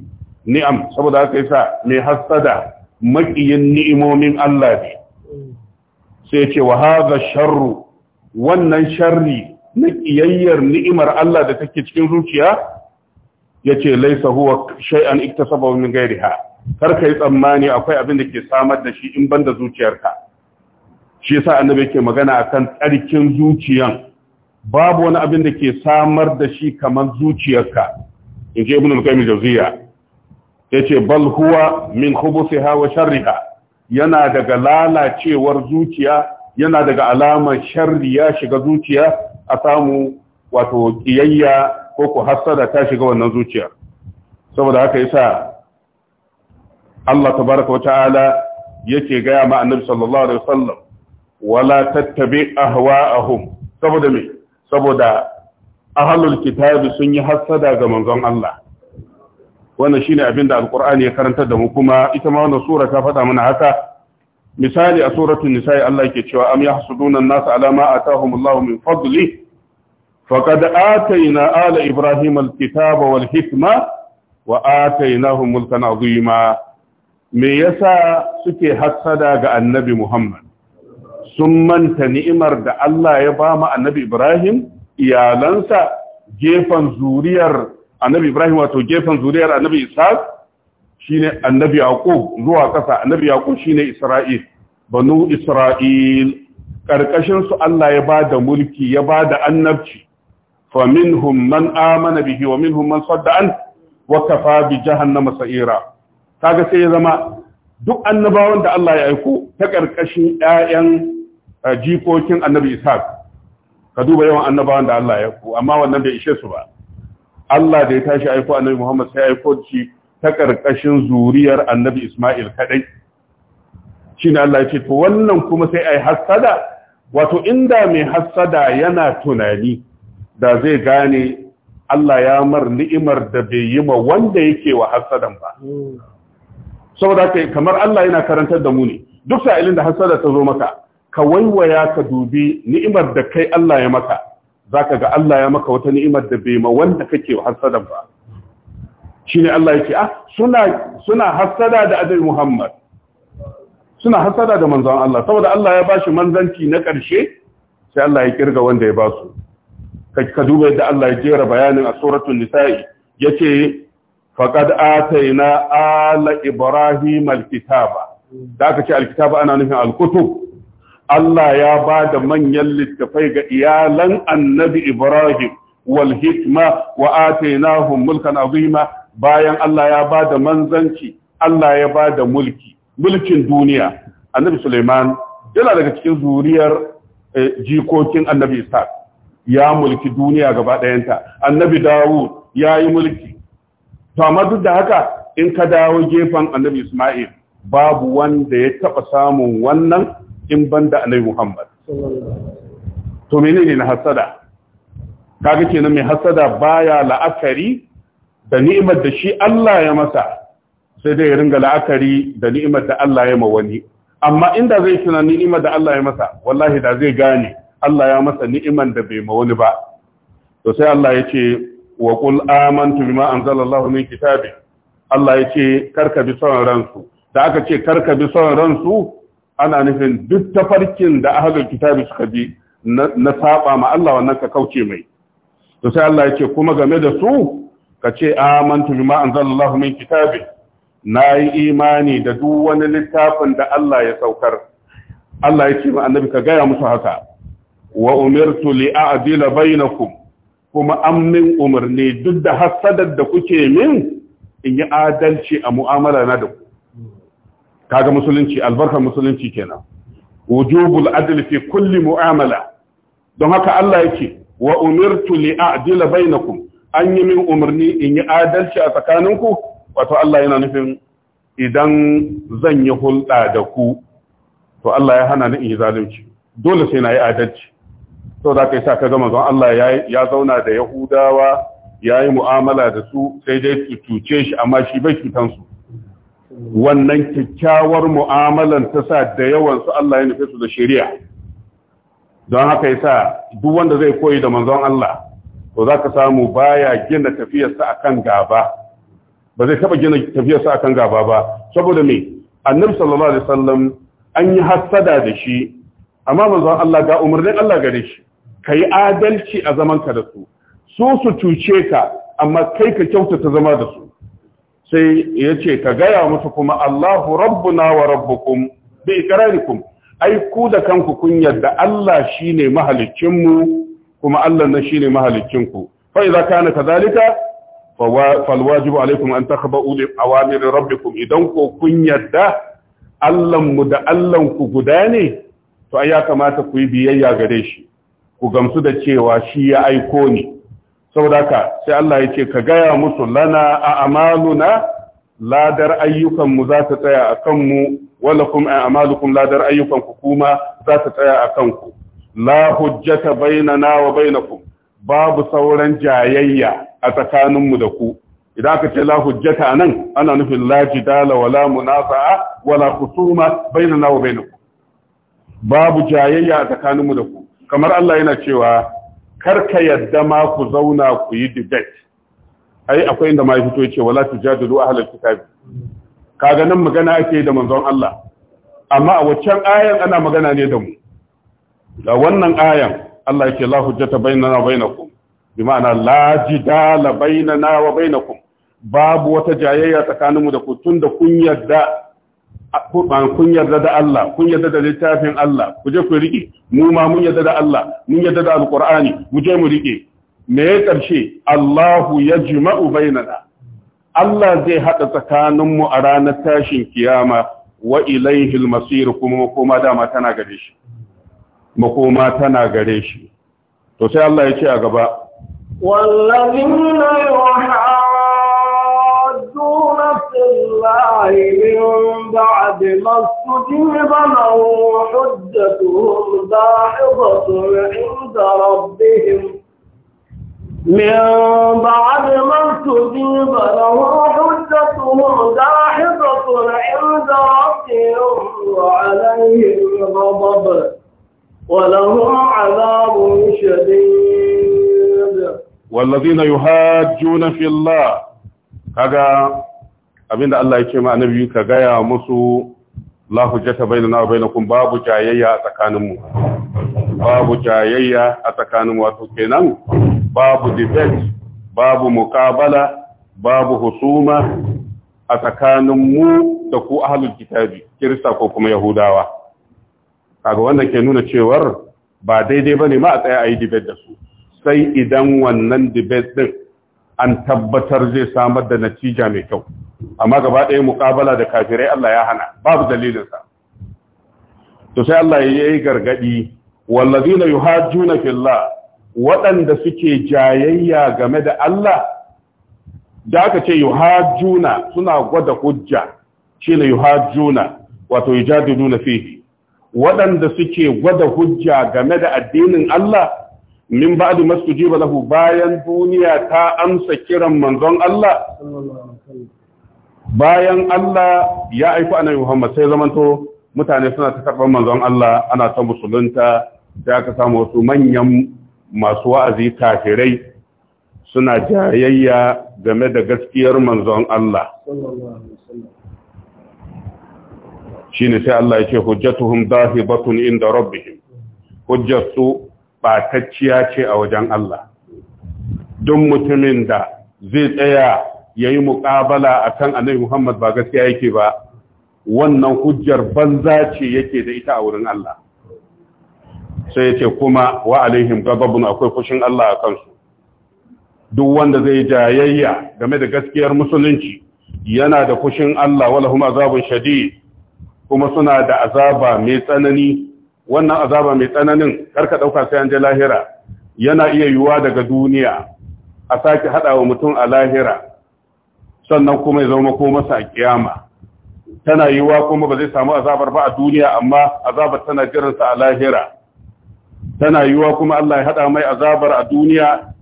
ni'am saboda haka yasa mai hasada maƙiyin ni'imomin Allah ne sai ce wa hadha sharru wannan sharri na ƙiyayyar ni'imar Allah da take cikin zuciya yace laisa huwa shay'an iktasaba min ghayriha kar kai tsammani akwai abin da ke samar da shi in banda zuciyarka shi yasa annabi yake magana akan tsarkin zuciyan babu wani abin da ke samar da shi kamar zuciyarka in ji ibn al-qayyim jawziya yace bal huwa min khubusiha wa sharriha yana daga lalacewar zuciya yana daga alamar sharri ya shiga zuciya a samu wato kiyayya ko ku hasada ta shiga wannan zuciya saboda haka yasa Allah tabaraka wa ta'ala yake ga ya ma annabi sallallahu alaihi wasallam wala tattabi ahwa'ahum saboda me saboda ahlul kitabi sun yi hassada ga manzon Allah wannan shine abin da alqur'ani ya karanta da mu kuma ita ma wannan sura ta faɗa mana haka misali a suratul nisa Allah yake cewa am yahsuduna an nasa ala ma atahum Allah min fadli faqad atayna ala ibrahim al-kitaba wal hikma wa atainahum mulkan azima me yasa suke hassada ga annabi Muhammad sun manta ni'imar da Allah ya ba mu annabi Ibrahim iyalansa gefen zuriyar annabi Ibrahim wato gefen zuriyar annabi Isaac shine annabi Yaqub zuwa ƙasa annabi Yaqub shine Isra'il banu Isra'il karkashin su Allah ya ba da mulki ya ba da annabci Fa faminhum man amana bihi wa minhum man sadda an wa kafa bi jahannama sa'ira kaga sai ya zama duk annabawan da Allah ya aiko ta ƙarƙashin ƴaƴan. jikokin annabi ishaq ka duba yawan annabawan da Allah ya ku amma wannan bai ishe su ba Allah da ya tashi aiko annabi Muhammad sai aiko shi ta karkashin zuriyar annabi Ismail kadai shine Allah ya ce to wannan kuma sai ai hasada wato inda mai hasada yana tunani da zai gane Allah ya mar ni'imar da bai yi ma wanda yake wa hasadan ba hmm. saboda kai kamar Allah yana karantar da mu ne duk sa'ilin da hasada ta zo maka ka waiwaya ka dubi ni'imar da kai Allah ya maka zaka ga Allah ya maka wata ni'imar da bai ma wanda kake hasada ba shine Allah yake ah suna suna hasada da Adai Muhammad suna hasada da manzon Allah saboda Allah ya bashi manzanci na ƙarshe sai Allah ya kirga wanda ya basu ka duba yadda Allah ya jera bayanin a suratul nisa'i yace faqad ataina ala ibrahim alkitaba da aka ce alkitaba ana nufin alkutub Allah ya ba da manyan littafai ga iyalan annabi Ibrahim wal hikma wa atainahum mulkan azima bayan Allah ya ba da manzanci Allah ya ba da mulki mulkin duniya annabi Suleiman yana daga cikin zuriyar eh, jikokin annabi Isa ya mulki duniya gaba ɗayanta annabi Dawud ya yi mulki to amma duk da haka in ka dawo gefen annabi Ismail babu wanda ya taɓa samun wannan in banda alai Muhammad to menene na hasada kaga kenan mai hasada baya la'akari da ni'imar da shi Allah ya masa sai dai ya ringa la'akari da ni'imar da Allah ya ma wani amma inda zai tuna ni'imar da Allah ya masa wallahi da zai gane Allah ya masa ni'imar da bai ma wani ba to sai Allah ya ce wa qul amantu bima anzalallahu min kitabi Allah ya ce karka bi son ransu da aka ce karka bi son ransu ana nufin duk tafarkin da ahlul kitabi suka bi na saba ma Allah wannan ka kauce mai to sai Allah yake kuma game da su ka ce amantu bima anzalallahu min kitabi nayi imani da duk wani littafin da Allah ya saukar Allah yake ma annabi ka gaya musu haka wa umirtu li a'dila bainakum kuma an min umarni duk da hasadar da kuke min in yi adalci a mu'amala na da ku kaga musulunci albarkar musulunci kenan wujubul adl fi kulli mu'amala don haka Allah yake wa umirtu li a'dila bainakum an yi min umarni in yi adalci a tsakaninku wato Allah yana nufin idan zan yi hulɗa da ku to Allah ya hana ni in yi zalunci dole sai na yi adalci sau da ka yi sa ka gama manzon Allah ya zauna da yahudawa yayi mu'amala da su sai dai su cuce shi amma shi bai su. wannan kyakkyawar mu'amalan ta sa da yawan su Allah ya nufi su da shari'a don haka yasa duk wanda zai koyi da manzon Allah to ka samu baya gina tafiyarsa akan gaba ba zai taba gina tafiyarsa akan gaba ba saboda me annabi sallallahu alaihi wasallam an yi hassada da shi amma manzon Allah ga umarnin Allah gare shi kai adalci a zaman ka da su su su cuce ka amma kai ka kyautata zama da su sai ya ce ka gaya musu kuma Allahu rabbuna wa rabbukum bi ikrarikum ai ku da kanku kun yarda Allah shine mahaliccinmu kuma Allah na shine mahaliccinku fa idza kana kadhalika fal wajibu alaikum an takhba'u li awamir rabbikum idan ko kun yarda Allah mu da Allah ku guda ne to ai ya kamata ku yi biyayya gare shi ku gamsu da cewa shi ya aiko ni saboda haka sai Allah ya ce ka gaya musu lana a amaluna ladar ayyukanmu za ta tsaya a kanmu wala kuma a amalukum ladar ayyukanku kuma za ta tsaya a kanku la hujjata bainana wa bainakum babu sauran jayayya a tsakaninmu da ku idan aka ce la hujjata nan ana nufin la jidala wala munafa'a wala khusuma bainana wa bainakum babu jayayya a tsakaninmu da ku kamar Allah yana cewa karka yadda ma ku zauna ku yi debate ai akwai inda ma fito yace wala tujadilu ahlul kitab kaga nan magana ake da manzon Allah amma a waccan ayan ana magana ne da mu da wannan ayan Allah yake la hujjata bainana wa bainakum bi ma'ana la jidala bainana wa bainakum babu wata jayayya tsakaninmu da ku tunda kun yadda kun yarda da Allah kun yarda da littafin Allah ku je ku rike mu ma mun yarda da Allah mun yarda da alqur'ani mu je mu rike me ya karshe Allahu jima’u bainana Allah zai haɗa tsakanin mu a ranar tashin kiyama wa ilaihi al-masir kuma makoma dama tana gare shi makoma tana gare shi to sai Allah ya ce a gaba yi الله من بعد ما استجيب له حجتهم داحضة عند ربهم من بعد ما استجيب له حجتهم داحضة عند ربهم وعليهم غضب ولهم عذاب شديد والذين يهاجون في الله kaga abinda Allah ya ce ma annabi ka gaya musu la hujjata bainana wa bainakum babu jayayya a tsakaninmu babu jayayya a tsakanin wato kenan babu debate babu muqabala babu husuma a tsakanin mu da ku ahlul kitabi kirista ko kuma yahudawa kaga wannan ke nuna cewar ba daidai bane ma a tsaya ayi debate da su sai idan wannan debate din an tabbatar zai samar da natija mai kyau amma gaba ɗaya muƙabala da kafirai Allah ya hana babu dalilinsa to sai Allah ya yi gargaɗi wallazina yuhajjuna fillah waɗanda suke jayayya game da Allah da aka ce yuhajjuna suna gwada hujja shi shine yuhajjuna wato yujadiluna fihi waɗanda suke gwada hujja game da addinin Allah min ba'du mastujiba lahu bayan duniya ta amsa kiran manzon Allah bayan Allah ya na annabi Muhammad sai zamanto mutane suna ta karban manzon Allah ana ta musulunta da aka samu wasu manyan masu wa'azi kafirai suna jayayya game da gaskiyar manzon Allah shine sai Allah ya ce hujjatuhum dahibatun inda rabbihim hujjatu batacciya ce a wajen Allah don mutumin da zai tsaya ya yi muƙabala a kan annabi Muhammad ba gaskiya yake ba wannan hujjar banza ce yake da ita a wurin Allah sai ya ce kuma wa alaihim gababun akwai fushin Allah a kansu duk wanda zai jayayya game da gaskiyar musulunci yana da fushin Allah wala huma azabun shadid kuma suna da azaba mai tsanani wannan azaba mai tsananin karka dauka sai an je lahira yana iya yuwa daga duniya a sake wa mutum a lahira sannan kuma ya zama ko masa a kiyama tana yiwuwa kuma ba zai samu azabar ba a duniya amma azabar tana sa a lahira tana yiwuwa kuma Allah ya hada mai azabar a duniya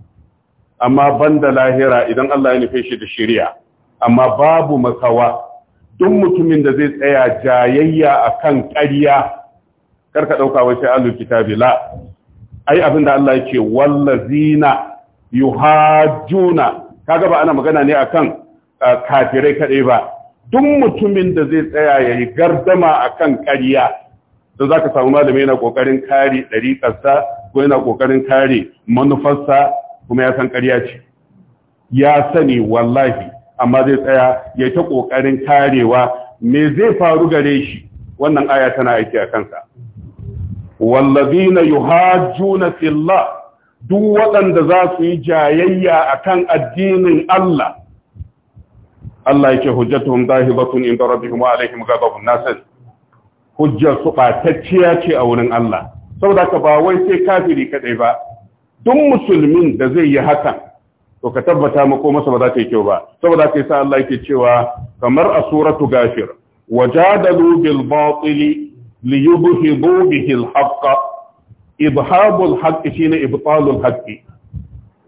amma banda lahira idan Allah ya nufe shi da shari'a amma babu masawa duk mutumin da zai tsaya jayayya akan ƙarya karka dauka ɗauka sai ahlul kitabi la ai abinda Allah yake wallazina yuhajjuna kaga ba ana magana ne akan kafirai kadai ba duk mutumin da zai tsaya yayi gardama akan ƙarya da zaka samu malami yana kokarin kare ɗariƙarsa ko yana kokarin kare manufarsa kuma ya san ƙarya ce ya sani wallahi amma zai tsaya ya ta kokarin karewa me zai faru gare shi wannan aya tana aiki a kansa wallazina yuhajjuna Silla duk waɗanda za su yi jayayya akan addinin Allah Allah yake hujjatuhum zahibatun inda rabbihim wa alaihim ghadabun nasir hujjar su batacciya ce a wurin Allah saboda ka ba wai sai kafiri kaɗai ba duk musulmin da zai yi hakan to ka tabbata mako masa ba za ta yi kyau ba saboda kai sa Allah yake cewa kamar a suratu gafir wajadalu bil batili li yubhidu bihi al-haqq ibhabul haqq shine ibtalul haqq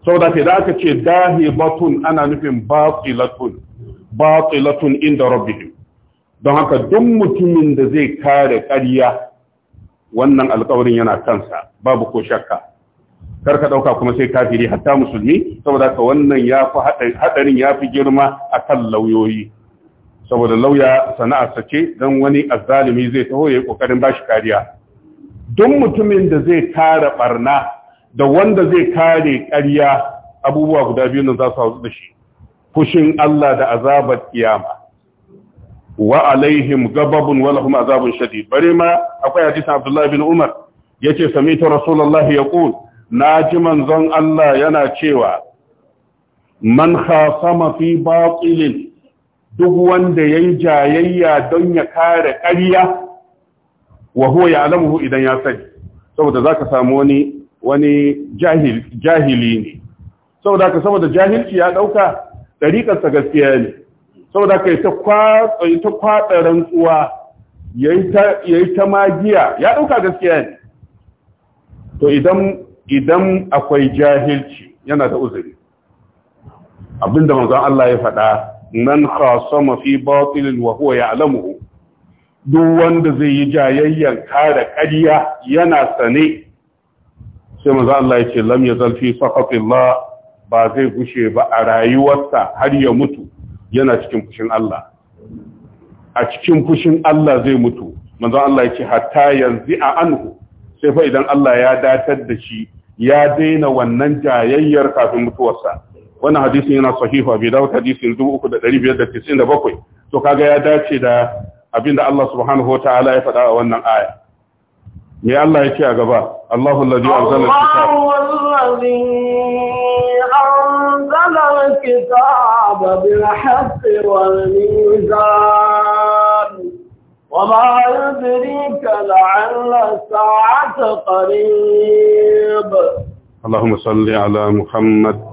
saboda ke da aka ce dahibatun ana nufin batilatun inda rabbihim don haka duk mutumin da zai kare ƙarya wannan alkawarin yana kansa babu ko shakka karka ɗauka kuma sai kafiri hatta musulmi saboda ka wannan ya fi haɗarin ya fi girma a kan lauyoyi saboda lauya sana'ar sake don wani azzalumi zai taho ya yi kokarin ba shi kariya Don mutumin da zai kare barna da wanda zai kare ƙarya abubuwa guda biyu nan za su hauzu da shi fushin Allah da azabar kiyama wa alaihim gababun wa lahum azabun shadid bare ma akwai hadisin Abdullah bin Umar yace samita rasulullahi yaqul naji manzon Allah yana cewa man khasama fi baqilin duk wanda yayi jayayya don ya kare ƙarya wa huwa ya'lamuhu idan ya sani saboda zaka samu wani wani jahil jahili ne saboda ka saboda jahilci ya dauka dariƙar sa gaskiya ne saboda ka ta kwatsa ta kwatsa rantsuwa yayi ta yayi ta magiya ya dauka gaskiya ne to idan idan akwai jahilci yana da uzuri abinda manzon Allah ya faɗa Nan khasama fi batil wa huwa duk wanda zai yi jayayyan kare ƙarya yana sane sai maza Allah ya ce lam yazal fi saqatillah ba zai gushe ba a rayuwarsa har ya mutu yana cikin fushin Allah a cikin fushin Allah zai mutu manzo Allah ya ce hatta yanzu a anhu sai fa idan Allah ya datar da shi ya daina wannan jayayyar kafin mutuwarsa wannan hadisin yana sahihu abi dawud hadisin 3597 to kaga ya dace da abinda Allah subhanahu wataala ya faɗa a wannan aya me Allah ya ce a gaba Allahu allazi anzala الكتاب بالحق والميزان وما يدريك لعل الساعة قريب اللهم صل على محمد